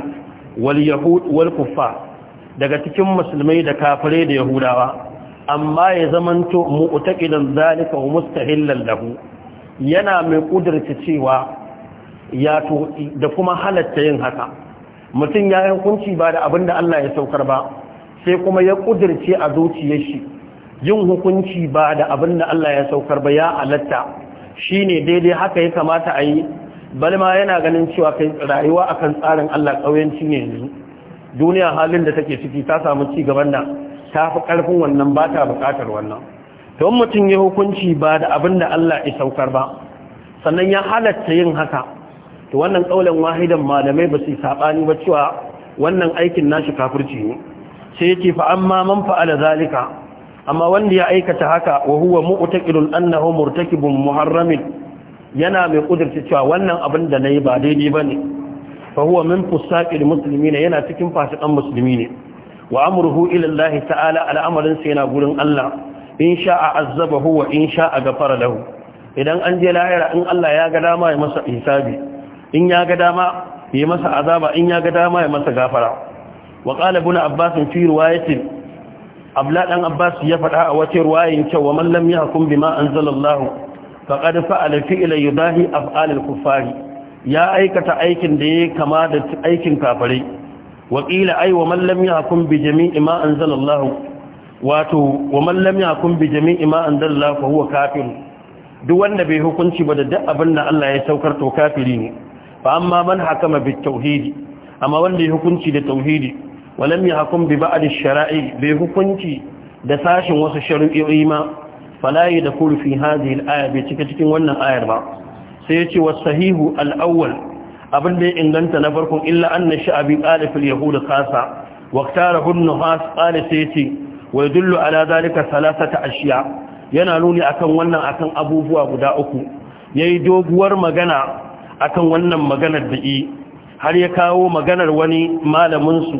wal yahud wal kuffar daga cikin musulmai da kafirai da yahudawa amma ya zamanto mu'taqidan zalika wa mustahillan lahu yana mai kudurta cewa ya to da kuma halatta yin haka mutum ya yi hukunci ba da abin da Allah ya saukar ba sai kuma ya kudirce a zuciyar shi yin hukunci ba da abin da Allah ya saukar ba ya alatta shi ne daidai haka ya kamata a yi balma yana ganin cewa kai rayuwa a kan tsarin Allah kauyanci ne yanzu duniya halin da take ciki ta samu ci gaban nan ta fi karfin wannan ba ta buƙatar wannan to mutum ya hukunci ba da abin da Allah ya saukar ba sannan ya halatta yin haka to wannan kaulan wahidan malamai ba su sabani ba cewa wannan aikin nashi kafirci ne sai yake fa amma man fa'ala zalika amma wanda ya aikata haka wa huwa mu'taqidun annahu murtakibun muharramin yana mai kudurta cewa wannan abin da nayi ba daidai bane fa huwa min fusaqil muslimina yana cikin fasikan musulmi ne wa amruhu ila Allah ta'ala al'amarin sa yana gurin Allah in sha'a azzabahu wa in sha'a ghafara lahu idan an je lahira in Allah ya ga dama ya masa hisabi in ya ga dama ya masa azaba in ya ga dama ya masa gafara wa qala ibn abbas fi riwayatin abla dan abbas ya faɗa a wace riwayin cewa man lam yahkum bima anzalallahu faqad fa'ala fi'la yudahi af'al al-kuffari ya aikata aikin da ya kama da aikin kafirai wa qila ay wa man lam yahkum bi jami'i ma anzalallahu wato wa man lam yahkum bi jami'i ma anzalallahu fa huwa kafir duk wanda bai hukunci ba da duk abin da Allah ya saukar to kafiri ne fa amma man hakama bi tauhidi amma wanda ya hukunci da tauhidi walam yahkum bi ba'd ash-shara'i bi hukunci da sashin wasu shari'o'i ma fala da fi hadhihi al-aya bi cikin cikin wannan ayar ba sai yace was-sahihu al-awwal abin da ya inganta na farkon illa anna sha'abi qala fil yahud khasa واختاره النحاس قال سيتي ويدل على ذلك ثلاثة ashiya. yana nuni akan wannan akan abubuwa guda uku yayi doguwar magana akan wannan maganar da yi har ya kawo maganar wani malaminsu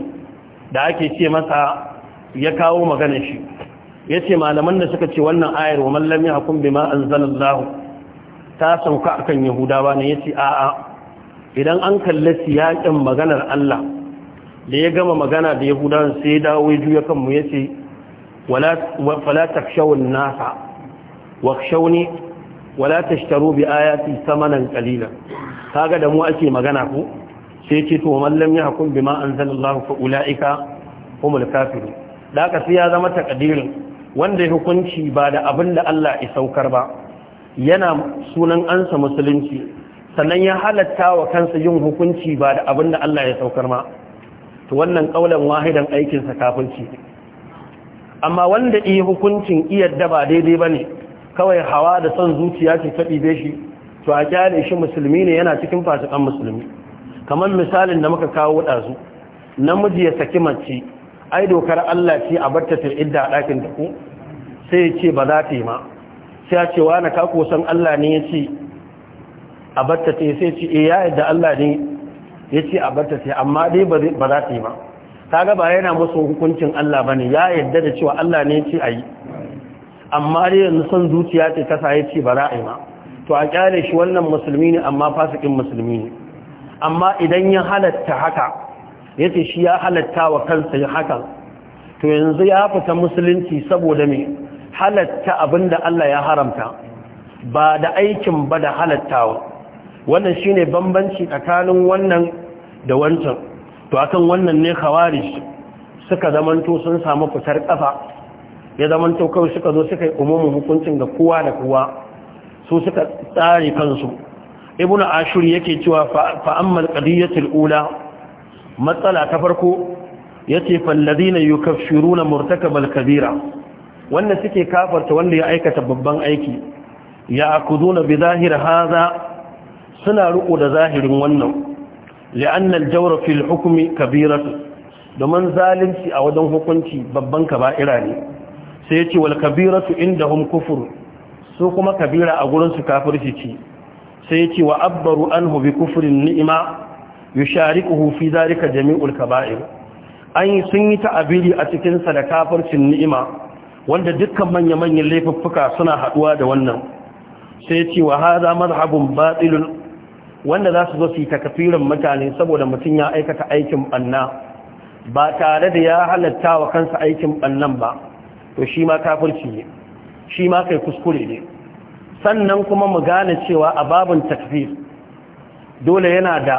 da ake ce masa ya kawo maganar shi ya ce malaman da suka ce wannan ayar wa mallami hakun bi ma'an zalallahu ta sauka akan yahudawa ne ya ce a'a idan an kalli siyaƙin maganar Allah da ya gama magana da yahudawan sai ya dawo ya juya kanmu ya ce fala takshawun nasa wakshawni wala tashtaru bi ayati samanan qalila kaga da mu ake magana ku? sai ce to man lam yahkum bima anzalallahu fa ulaika humul kafirun da ka sai ya zama takadirin wanda hukunci ba da abin da Allah ya saukar ba yana sunan ansa musulunci sannan ya halatta wa kansa yin hukunci ba da abin da Allah ya saukar ma to wannan kaulan wahidan aikinsa sa kafirci amma wanda yi hukuncin iyadda ba daidai bane kawai hawa da son zuciya ce ta ɗibe shi to a kyale shi musulmi ne yana cikin fasikan musulmi kamar misalin da muka kawo ɗazu namiji ya saki mace ai dokar Allah ce a barta ta idda a ɗakin da ku sai ya ce ba za ta yi ma sai ya ce wa na kako san Allah ne ya ce a barta ta sai ce e ya yadda Allah ne ya ce a barta ta amma dai ba za ta yi ma ta gaba yana musu hukuncin Allah ba ne ya yadda da cewa Allah ne ya ce a yi amma dai yanzu san zuciya ce ta saye ce ba za a yi ma to a kyale shi wannan musulmi ne amma fasikin musulmi ne amma idan ya halatta haka ya ce shi ya halatta wa kansa ya hakan to yanzu ya fita musulunci saboda mai halatta abin da Allah ya haramta ba da aikin ba da halattawa wannan shi ne bambanci tsakanin wannan da wancan to akan wannan ne khawarij suka zamanto sun samu fitar kafa ya zaman to kawai suka zo suka yi umumin hukuncin ga kowa da kowa su suka tsare kansu ibn ashur yake cewa fa ammal qadiyatul ula matsala ta farko yace falladina yukaffiruna murtakabal kabira wanda suke kafarta wanda ya aikata babban aiki ya akuduna bi zahir hadha suna riko da zahirin wannan li'anna al-jawra fil hukmi kabiratu domin zalunci a wajen hukunci babban kaba'ira ne sai ya ce wal kabiratu indahum kufur su kuma kabira a gurin su shi ce sai ya ce wa abbaru an bi kufurin ni'ima yusharikuhu fi zarika jami'ul kaba'ir an sun yi ta'abiri a cikin da kafircin ni'ima wanda dukkan manya manyan laifuffuka suna haɗuwa da wannan sai ya ce wa hadha batilun wanda za su zo su yi takafirin mutane saboda mutum ya aikata aikin banna ba tare da ya halatta wa kansa aikin bannan ba to shi ma kafirci ne shi ma kai kuskure ne sannan kuma mu gane cewa a babin takfir dole yana da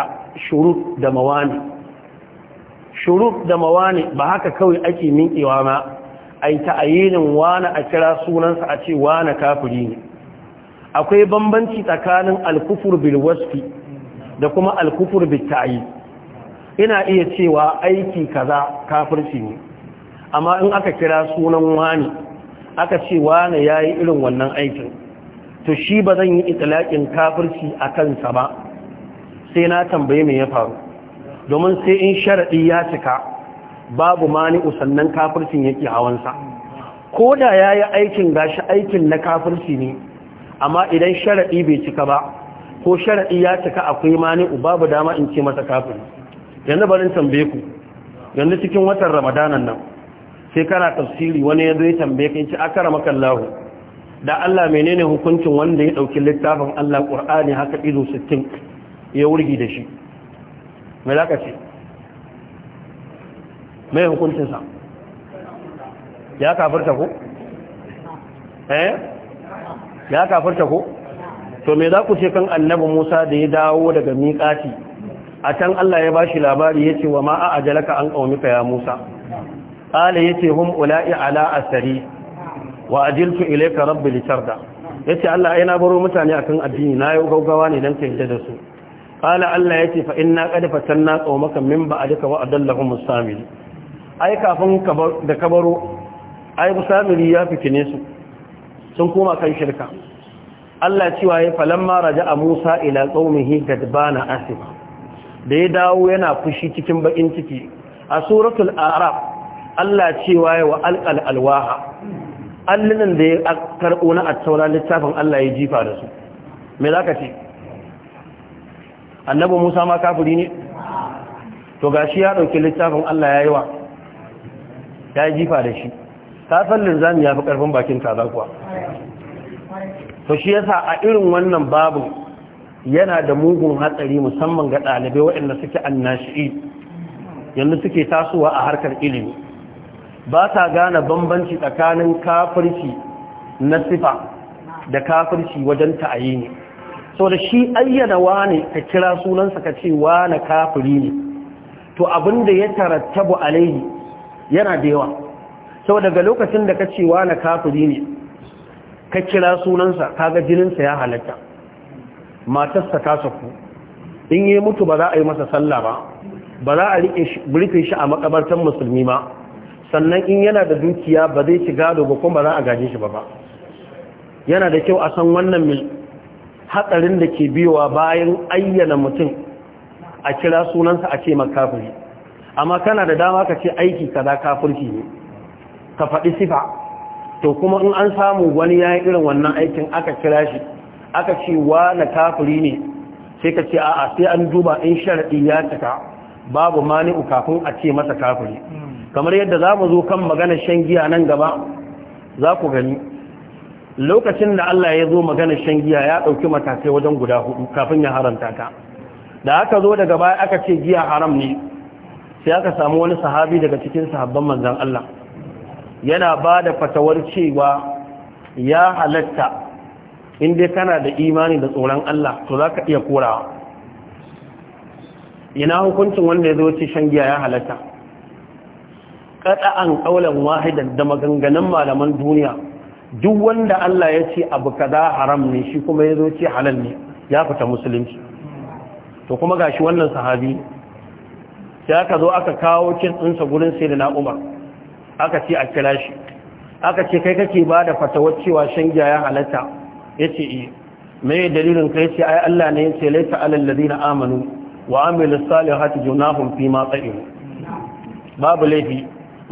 shurut da mawani shurut da mawani ba haka kawai ake minkewa ma a yi ta'ayinin wani a kira sunansa a ce wani kafiri ne akwai bambanci tsakanin alkufur bil wasfi da kuma alkufur bil ta'ayi ina iya cewa aiki kaza kafirci ne amma in aka kira sunan wani aka ce wani ya yi irin wannan aikin to shi ba zan yi itilakin kafirci a kansa ba sai na tambaye mai ya faru domin sai in sharaɗi ya cika babu mani usannan kafircin yake hawansa ko da ya yi aikin gashi aikin na kafirci ne amma idan sharaɗi bai cika ba ko sharaɗi ya cika akwai mani babu dama in ce masa kafin yanzu barin tambaye ku yanzu cikin watan ramadanan nan sai kana tafsiri wani ya zo ya tambaye ka yace akara makallahu da Allah menene hukuncin wanda ya dauki littafin Allah Qur'ani haka ido 60 ya wurgi da shi me zaka ce me hukuncin sa ya kafirta ko eh ya kafirta ko to me za ku ce kan annabi Musa da ya dawo daga miƙati a can Allah ya bashi labari ce wa ma a ajalaka an qaumika ya Musa qala yace hum ula'i ala asari wa ajiltu ilayka rabbi litarda yace Allah ai na baro mutane akan addini na yau gaugawa ne dan ka da su qala Allah yace fa inna qad fatanna qaumaka min ba'dika wa adallahum as-samil ai kafin da baro. ai musamiri ya fitine su sun koma kan shirka Allah cewa ya falamma a Musa ila Higa bana asif da ya dawo yana fushi cikin bakin ciki a suratul a'raf Allah cewa ya wa alƙal alwaha allinan da ya karɓo na attaura littafin Allah ya jifa da su me za ka ce annabi musa ma kafiri ne to ga shi ya ɗauki littafin Allah ya yi wa ya jifa da shi kafin linzami ya fi ƙarfin bakin kaza kuwa to shi yasa a irin wannan babu yana da mugun hatsari musamman ga ɗalibai waɗanda suke annashi yanzu suke tasowa a harkar ilimi ba sa gane bambanci tsakanin kafirci na sifa da kafirci wajen ta'ayi ne so da shi ayyana wane ka kira sunansa ka ce wane kafiri ne to abin da ya tarattabu alaihi yana da yawa sau daga lokacin da ka ce wane kafiri ne ka kira sunansa kaga jininsa ya halatta matarsa ta saku in yi mutu ba za a yi masa sallah ba ba za a rike shi a makabartan musulmi ba sannan in yana da dukiya ba zai ci gado ba kuma za a gaje shi ba ba yana da kyau a san wannan mil hatsarin da ke biyowa bayan ayyana mutum a kira sunansa a ce makafiri amma kana da dama ka ce aiki kaza kafurki ne ka faɗi sifa to kuma in an samu wani ya yi irin wannan aikin aka kira shi aka ce wa na kafiri ne sai ka ce a'a sai an duba in sharaɗi ya cika babu mani'u kafin a ce masa kafiri kamar yadda za mu zo kan magana shan giya nan gaba za ku gani lokacin da Allah ya zo magana shan giya ya ɗauki matakai wajen guda hudu kafin ya haranta ta da aka zo daga baya aka ce giya haram ne sai aka samu wani sahabi daga cikin sahabban manzan Allah yana ba da fatawar cewa ya halatta In dai kana da imani da tsoron Allah to za ka iya korawa ina hukuncin wanda ya zo ce shan giya ya halatta kada an kaulan wahidan da maganganun malaman duniya duk wanda Allah ya ce abu kaza haram ne shi kuma ya zo ce halal ne ya fita musulunci to kuma gashi wannan sahabi sai aka zo aka kawo kin dinsa gurin sai da na'umar aka ce a kira shi aka ce kai kake ba da fatawar cewa shan giya ya halatta ya ce iya eh. dalilin kai ce ai Allah ne yace laita alal ladina amanu wa amilus salihati junahum fi ma qaim babu laifi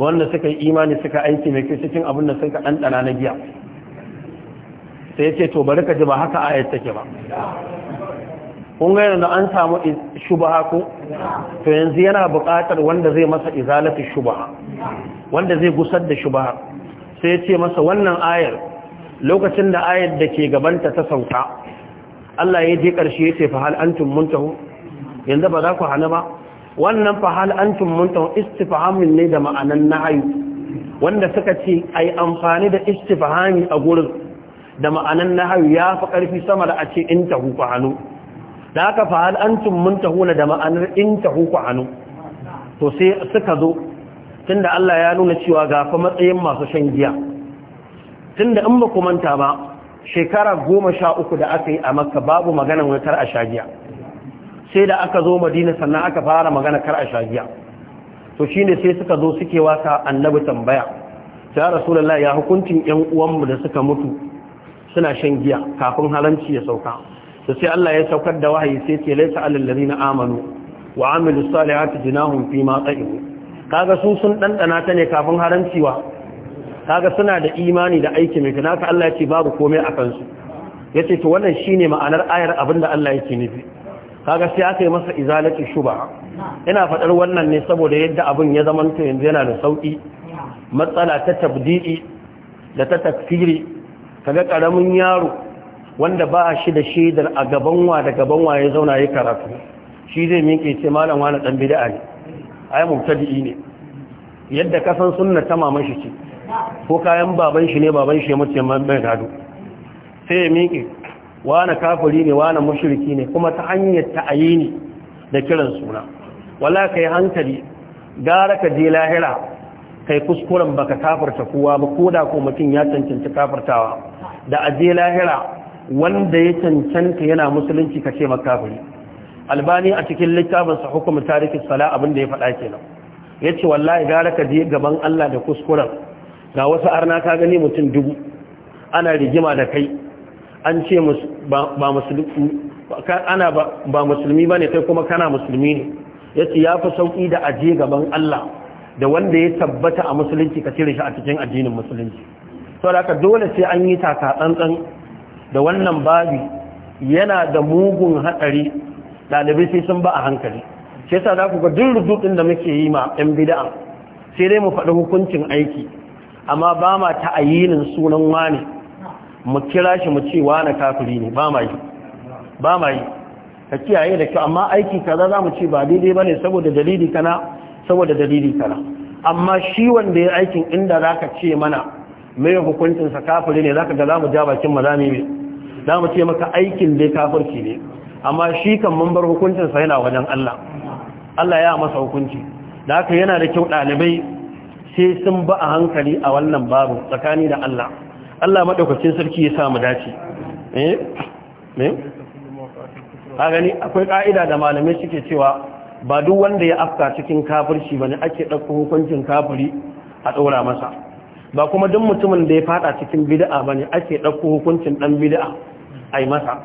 wanda suka yi imani suka aiki mai kyau cikin abin da suka ɗanɗana na giya sai ce to bari ka ji ba haka ayat take ba kun ga yanzu an samu shubaha ko to yanzu yana buƙatar wanda zai masa izalatu shubaha wanda zai gusar da shubaha sai ce masa wannan ayar lokacin da ayar da ke gabanta ta sauka Allah ya je ƙarshe ya ce fa hal antum muntahu yanzu ba za ku hana ba wannan fahal an antum muntahu istifhamin ne da ma'anan nahyu wanda suka ce ai amfani da istifhami a gurin da ma'anan nahyu ya fi karfi sama da a ce in tahu fa hannu. da aka fahal an tun muntahuna da ma'anar in tahu fa hannu. to sai suka zo tunda Allah ya nuna cewa ga fa matsayin masu shan giya tunda in ba ku manta ba shekara goma sha uku da aka yi a makka babu maganar wutar a sha giya sai da aka zo madina sannan aka fara magana kar a shagiya to shine sai suka zo suke wasa annabi tambaya ya rasulullah ya hukuncin yan uwanmu da suka mutu suna shan giya kafin haramci ya sauka to sai Allah ya saukar da wahayi sai ce laysa alal ladina amanu wa amilus salihati jinahum fi ma ta'ibu kaga su sun dandana ta ne kafin haramci wa kaga suna da imani da aiki mai kana ka Allah ya ce babu komai a kansu yace to wannan shine ma'anar ayar abinda Allah yake nufi kaga sai aka yi masa izalatu shuba ina faɗar wannan ne saboda yadda abin ya zama to yanzu yana da sauki matsala ta tabdi'i da ta tafsiri kaga karamin yaro wanda ba shi da shaidar a gaban wa da gaban wa ya zauna ya karatu shi zai miƙe ce malam wani dan bid'a ne ai mubtadi'i ne yadda kasan sunna ta maman shi ce ko kayan baban shi ne baban shi ya mutu ya mai gado sai ya miƙe wani kafiri ne wani mushriki ne kuma ta hanyar ne da kiran suna wala yi hankali gara ka je lahira kai kuskuren baka kafarta kowa ba ko da ko mutum ya cancanci kafartawa da a je lahira wanda ya cancanta yana musulunci ka ce makafiri albani a cikin littafin sa hukumu tarihi sala abin da ya faɗa kenan yace wallahi gara ka je gaban Allah da kuskuren ga wasu arna ka gani mutum dubu ana rigima da kai an ce ba musulmi ba musulmi bane kai kuma kana musulmi ne yace fi sauki da aje gaban Allah da wanda ya tabbata a musulunci ka cire shi a cikin addinin musulunci to dole sai an yi taka tsantsan da wannan babi yana da mugun hatsari dalibai sai sun ba a hankali shi yasa za ku ga duk rubutun da muke yi ma yan bida'a sai dai mu faɗi hukuncin aiki amma ba ma ta ayyinin sunan wani mu kira shi mu ce wana kafiri ne ba mai ba mai ka kiyaye da kyau amma aiki kaza za mu ce ba daidai ba ne saboda dalili kana saboda dalili kana amma shi wanda ya aikin inda za ka ce mana mai hukuncinsa kafiri ne za ka ga za mu ja bakin mazami ne za mu ce maka aikin dai kafirci ne amma shi kan mun bar hukuncinsa yana wajen Allah Allah ya masa hukunci da haka yana da kyau ɗalibai sai sun ba a hankali a wannan babu tsakani da Allah Allah maɗaukacin sarki ya sa mu dace eh eh ka gani akwai ƙa'ida da malamai suke cewa ba duk wanda ya afka cikin kafirci bane ake dauko hukuncin kafiri a ɗora masa ba kuma duk mutumin da ya faɗa cikin bid'a bane ake dauko hukuncin dan bid'a ai masa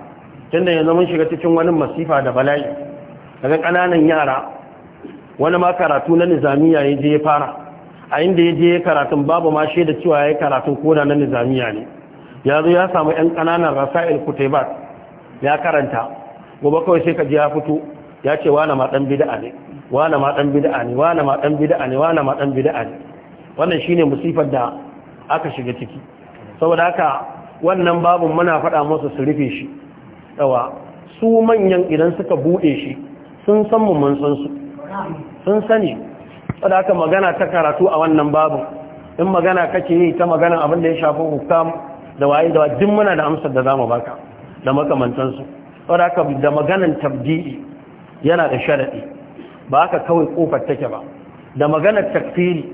tunda yanzu mun shiga cikin wani masifa da bala'i daga ƙananan yara wani ma karatu na nizamiya ya je ya fara a inda ya je karatun babu ma shaida cewa ya yi karatun koda na nizamiya ne ya zo ya samu yan ƙananan rasa'il kutaibat ya karanta gobe kawai sai ka ji ya fito ya ce wani ma ɗan bida'a ne wani ma ɗan bida'a ne wani ma ɗan bida'a ne wani ma ɗan bida'a ne wannan shine musifar da aka shiga ciki saboda haka wannan babu muna faɗa masa su rufe shi yawa su manyan idan suka buɗe shi sun san mu mun su sun sani sadaka magana ta karatu a wannan babu in magana kake yi ta magana abin da ya shafi hukam da waye da duk muna da amsar da zamu baka da makamantan su sadaka da maganan tabdi'i yana da sharadi ba haka kawai kofar take ba da maganar takfiri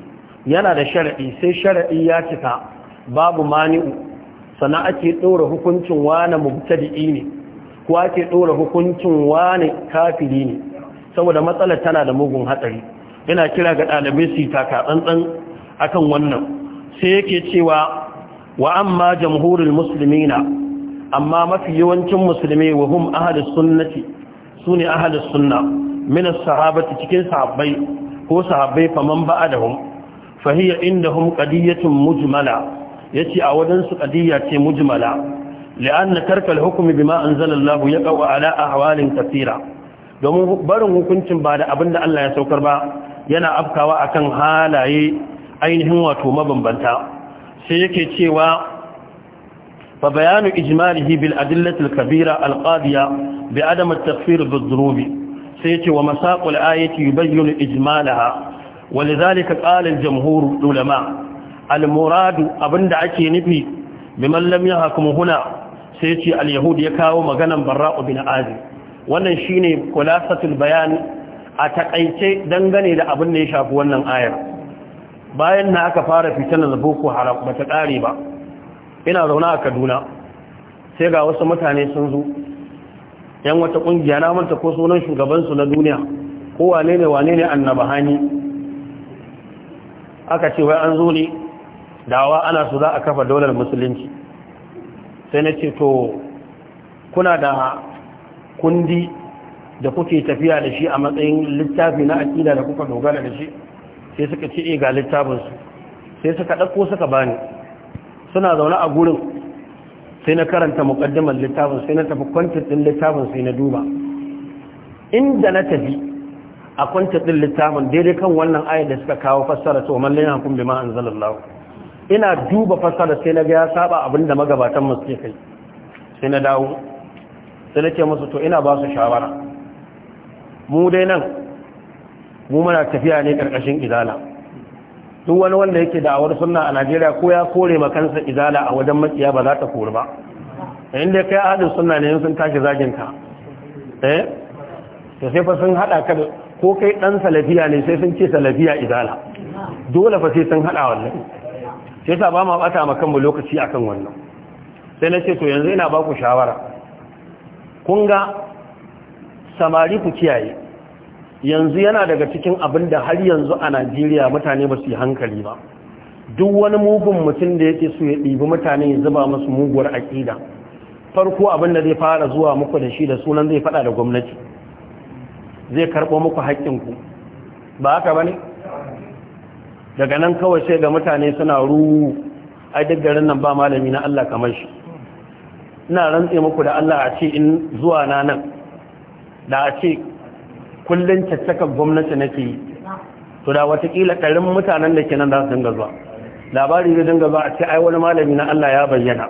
yana da sharadi sai sharadi ya cika babu mani'u sannan ake dora hukuncin wani mubtadi'i ne ko ake dora hukuncin wani kafiri ne saboda matsalar tana da mugun hatsari yana kira ga ɗalibai su taka tsantsan akan wannan sai yake cewa wa amma musulmi na, amma mafi yawancin musulmi wa hum ahlus sunnati sune ahlus sunna min as cikin sahabbai ko sahabbai faman ba'adahum inda indahum qadiyatun mujmala yace a wajen su ce mujmala na karkar hukmi bima anzala Allah yaqau ala ahwalin kafira. domin barin hukuncin ba da abinda Allah ya saukar ba yana afkawa a kan halaye ainihin wato mabambanta sai yake cewa fa bayanu ijmalihi bil adillatil kabira al qadiya bi adam at takfir bid dhurubi sai yake wa masaqul ayati yubayyinu ijmalaha ولذلك قال الجمهور al المراد abinda ake nufi biman lam yahkum huna sai ce al-yahud ya kawo maganan barra'u bin azib wannan shine khulasatul bayan a takaice dangane da abin da ya shafi wannan ayar bayan na aka fara da boko haram ba ta ƙare ba ina zaune a kaduna sai ga wasu mutane sun zo yan wata ƙungiya na manta ko sunan shugabansu na duniya ko wane ne wane ne annabahani aka ce wai an zo ne dawa ana su za a kafa daular musulunci sai na ce to kuna da kundi da kuke tafiya da shi a matsayin littafi na aƙida da kuka dogara da shi sai suka ce eh, ga littafinsu sai suka ɗauko suka bani suna zaune a gurin sai na karanta muƙaddimar littafin sai na tafi kwantar ɗin littafin sai na duba inda na tafi a kwantar ɗin littafin daidai kan wannan ayar da suka kawo fassara to man lana kun bima anzalallahu ina duba fassara sai na ga ya saba abin da magabatan mu suke kai sai na dawo sai na ce musu to ina ba su shawara mu dai nan mu mana tafiya ne karkashin izala duk wani wanda yake da'awar sunna a Najeriya ko ya kore ma kansa izala a wajen makiya ba za ta kore ba inda kai hadin sunna ne sun tashi zagin ka eh to sai fa sun hada ka ko kai dan salafiya ne sai sun ce salafiya izala dole fa sai sun hada wannan sai ta ba ma bata ma kanmu lokaci akan wannan sai na ce to yanzu ina ba ku shawara kun ga samari ku kiyaye yanzu yana daga cikin abin da har yanzu a najeriya mutane ba su yi hankali ba duk wani mugun mutum da yake so ya ɗibi mutane ya zuba masu muguwar aƙida farko abin da zai fara zuwa muku da shi da sunan zai faɗa da gwamnati zai karɓo muku haƙƙinku ba haka ba ne daga nan kawai sai ga mutane suna ruru ai duk garin nan ba malami na allah kamar shi ina rantse muku da allah a ce in zuwa na nan da a ce kullum caccakan gwamnati nake yi to da watakila ɗarin mutanen da ke nan za su dinga zuwa labari zai dinga zuwa a ce ai wani malami na Allah ya bayyana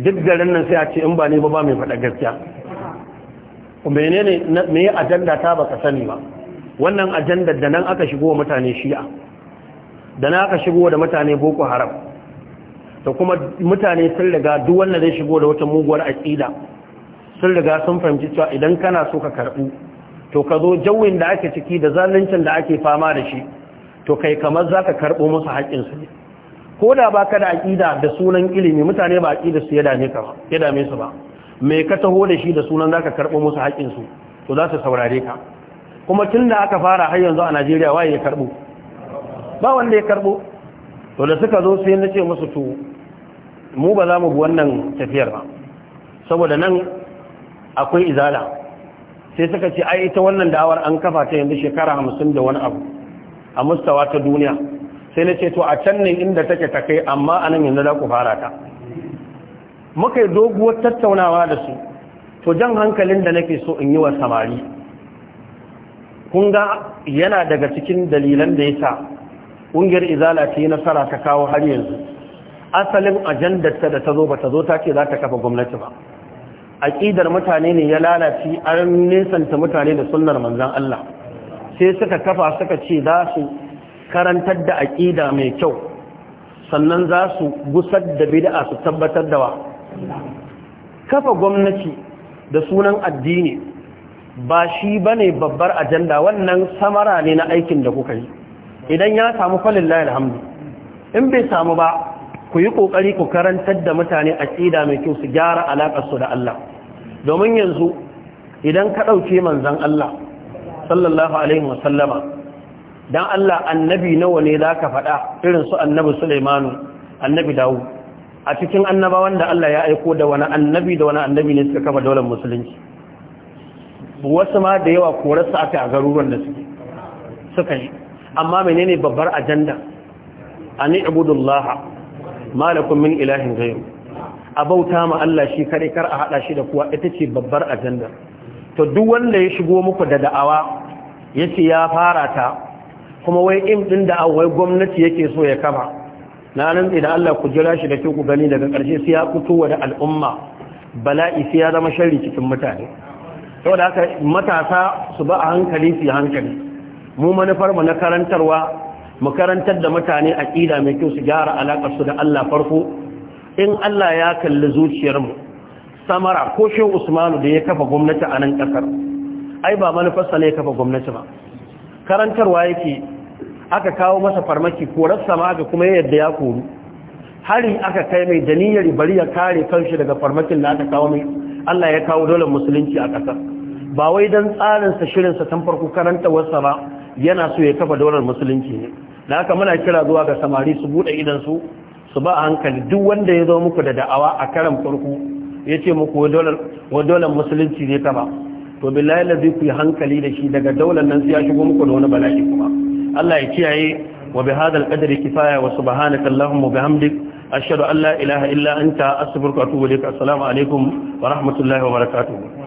duk garin nan sai a ce in ba ne ba ba mai faɗa gaskiya menene me ajanda ta baka sani ba wannan ajandar da nan aka shigo wa mutane shi'a da na aka shigo da mutane boko haram da kuma mutane sun riga duk wanda zai shigo da wata muguwar aƙida sun riga sun fahimci cewa idan kana so ka karbu to ka zo jawin da ake ciki da zaluncin da ake fama da shi to kai kamar za ka karɓo musu haƙƙinsu ne ko da ba ka da aqida da sunan ilimi mutane ba aqida su ya dame su ba me ka taho da shi da sunan zaka karbo karɓo musu haƙƙinsu to za su saurare ka kuma tun da aka fara har yanzu a najeriya waye ya karbo ba wanda ya karɓo to da suka zo sai na ce musu to mu ba za mu bi wannan tafiyar ba saboda nan akwai izala sai suka ce ai ita wannan da'awar an kafa ta yanzu shekara hamsin da wani abu a mustawa ta duniya sai na ce to a can ne inda take ta kai amma anan yanzu za ku fara ta muka yi doguwar tattaunawa da su to jan hankalin da nake so in yi wa samari kun ga yana daga cikin dalilan da ya sa ƙungiyar izala ta yi nasara ta kawo har yanzu asalin ajandar ta da ta zo ba ta zo ta ce za ta kafa gwamnati ba aƙidar mutane ne ya lalace an nesanta mutane da sunnar manzan Allah sai suka kafa suka ce za su karantar da aƙida mai kyau sannan za su gusar da bid'a su tabbatar da wa kafa gwamnati da sunan addini ba shi bane babbar ajanda wannan samara ne na aikin da kuka yi idan ya samu falillahi alhamdu in bai samu ba ku yi kokari ku karantar da mutane aqida mai kyau su gyara alakar su da Allah domin yanzu idan ka ɗauke manzan Allah sallallahu alaihi wasallama don Allah annabi nawa ne za ka faɗa irin su annabi Sulaimanu annabi Dawu a cikin annabawan da Allah ya aiko da wani annabi da wani annabi ne suka kama daular musulunci wasu ma da yawa korarsa aka a garuruwan da suke suka yi amma menene babbar ajanda a ni abudullaha malakun min ilahin gairu a bauta ma Allah shi kare kar a hada shi da kuwa ita ce babbar ajandar to duk wanda ya shigo muku da da'awa yace ya fara ta kuma wai im din da wai gwamnati yake so ya kama na nan idan Allah ku jira shi da ku gani daga ƙarshe sai ya fito da al'umma bala'i sai ya zama sharri cikin mutane saboda haka matasa su ba a hankali su hankali mu manufar mu na karantarwa mu karantar da mutane aqida mai kyau su gyara alakar su da Allah farko in Allah ya kalli zuciyarmu samara ko shi usmanu da ya kafa gwamnati a nan ƙasar ai ba manufarsa ne ya kafa gwamnati ba karantarwa yake aka kawo masa farmaki rassa ma ga kuma yadda ya koru hari aka kai mai daniyar bari ya kare kanshi daga farmakin da aka kawo mai Allah ya kawo dole musulunci a ƙasar ba wai don tsarinsa sa tan farko karantawarsa ba yana so ya kafa daular musulunci ne da haka muna kira zuwa ga samari su buɗe su. su ba hankali duk wanda ya zo muku da da'awa a karan farko ya ce muku wa dolar musulunci zai taba to billahi lazi ku yi hankali da shi daga daular nan sai ya shigo muku da wani bala'i kuma Allah ya kiyaye wa bi hadal qadri kifaya wa subhanaka allahumma bihamdik ashhadu an la ilaha illa anta astaghfiruka wa atubu ilaik assalamu alaikum wa rahmatullahi wa barakatuh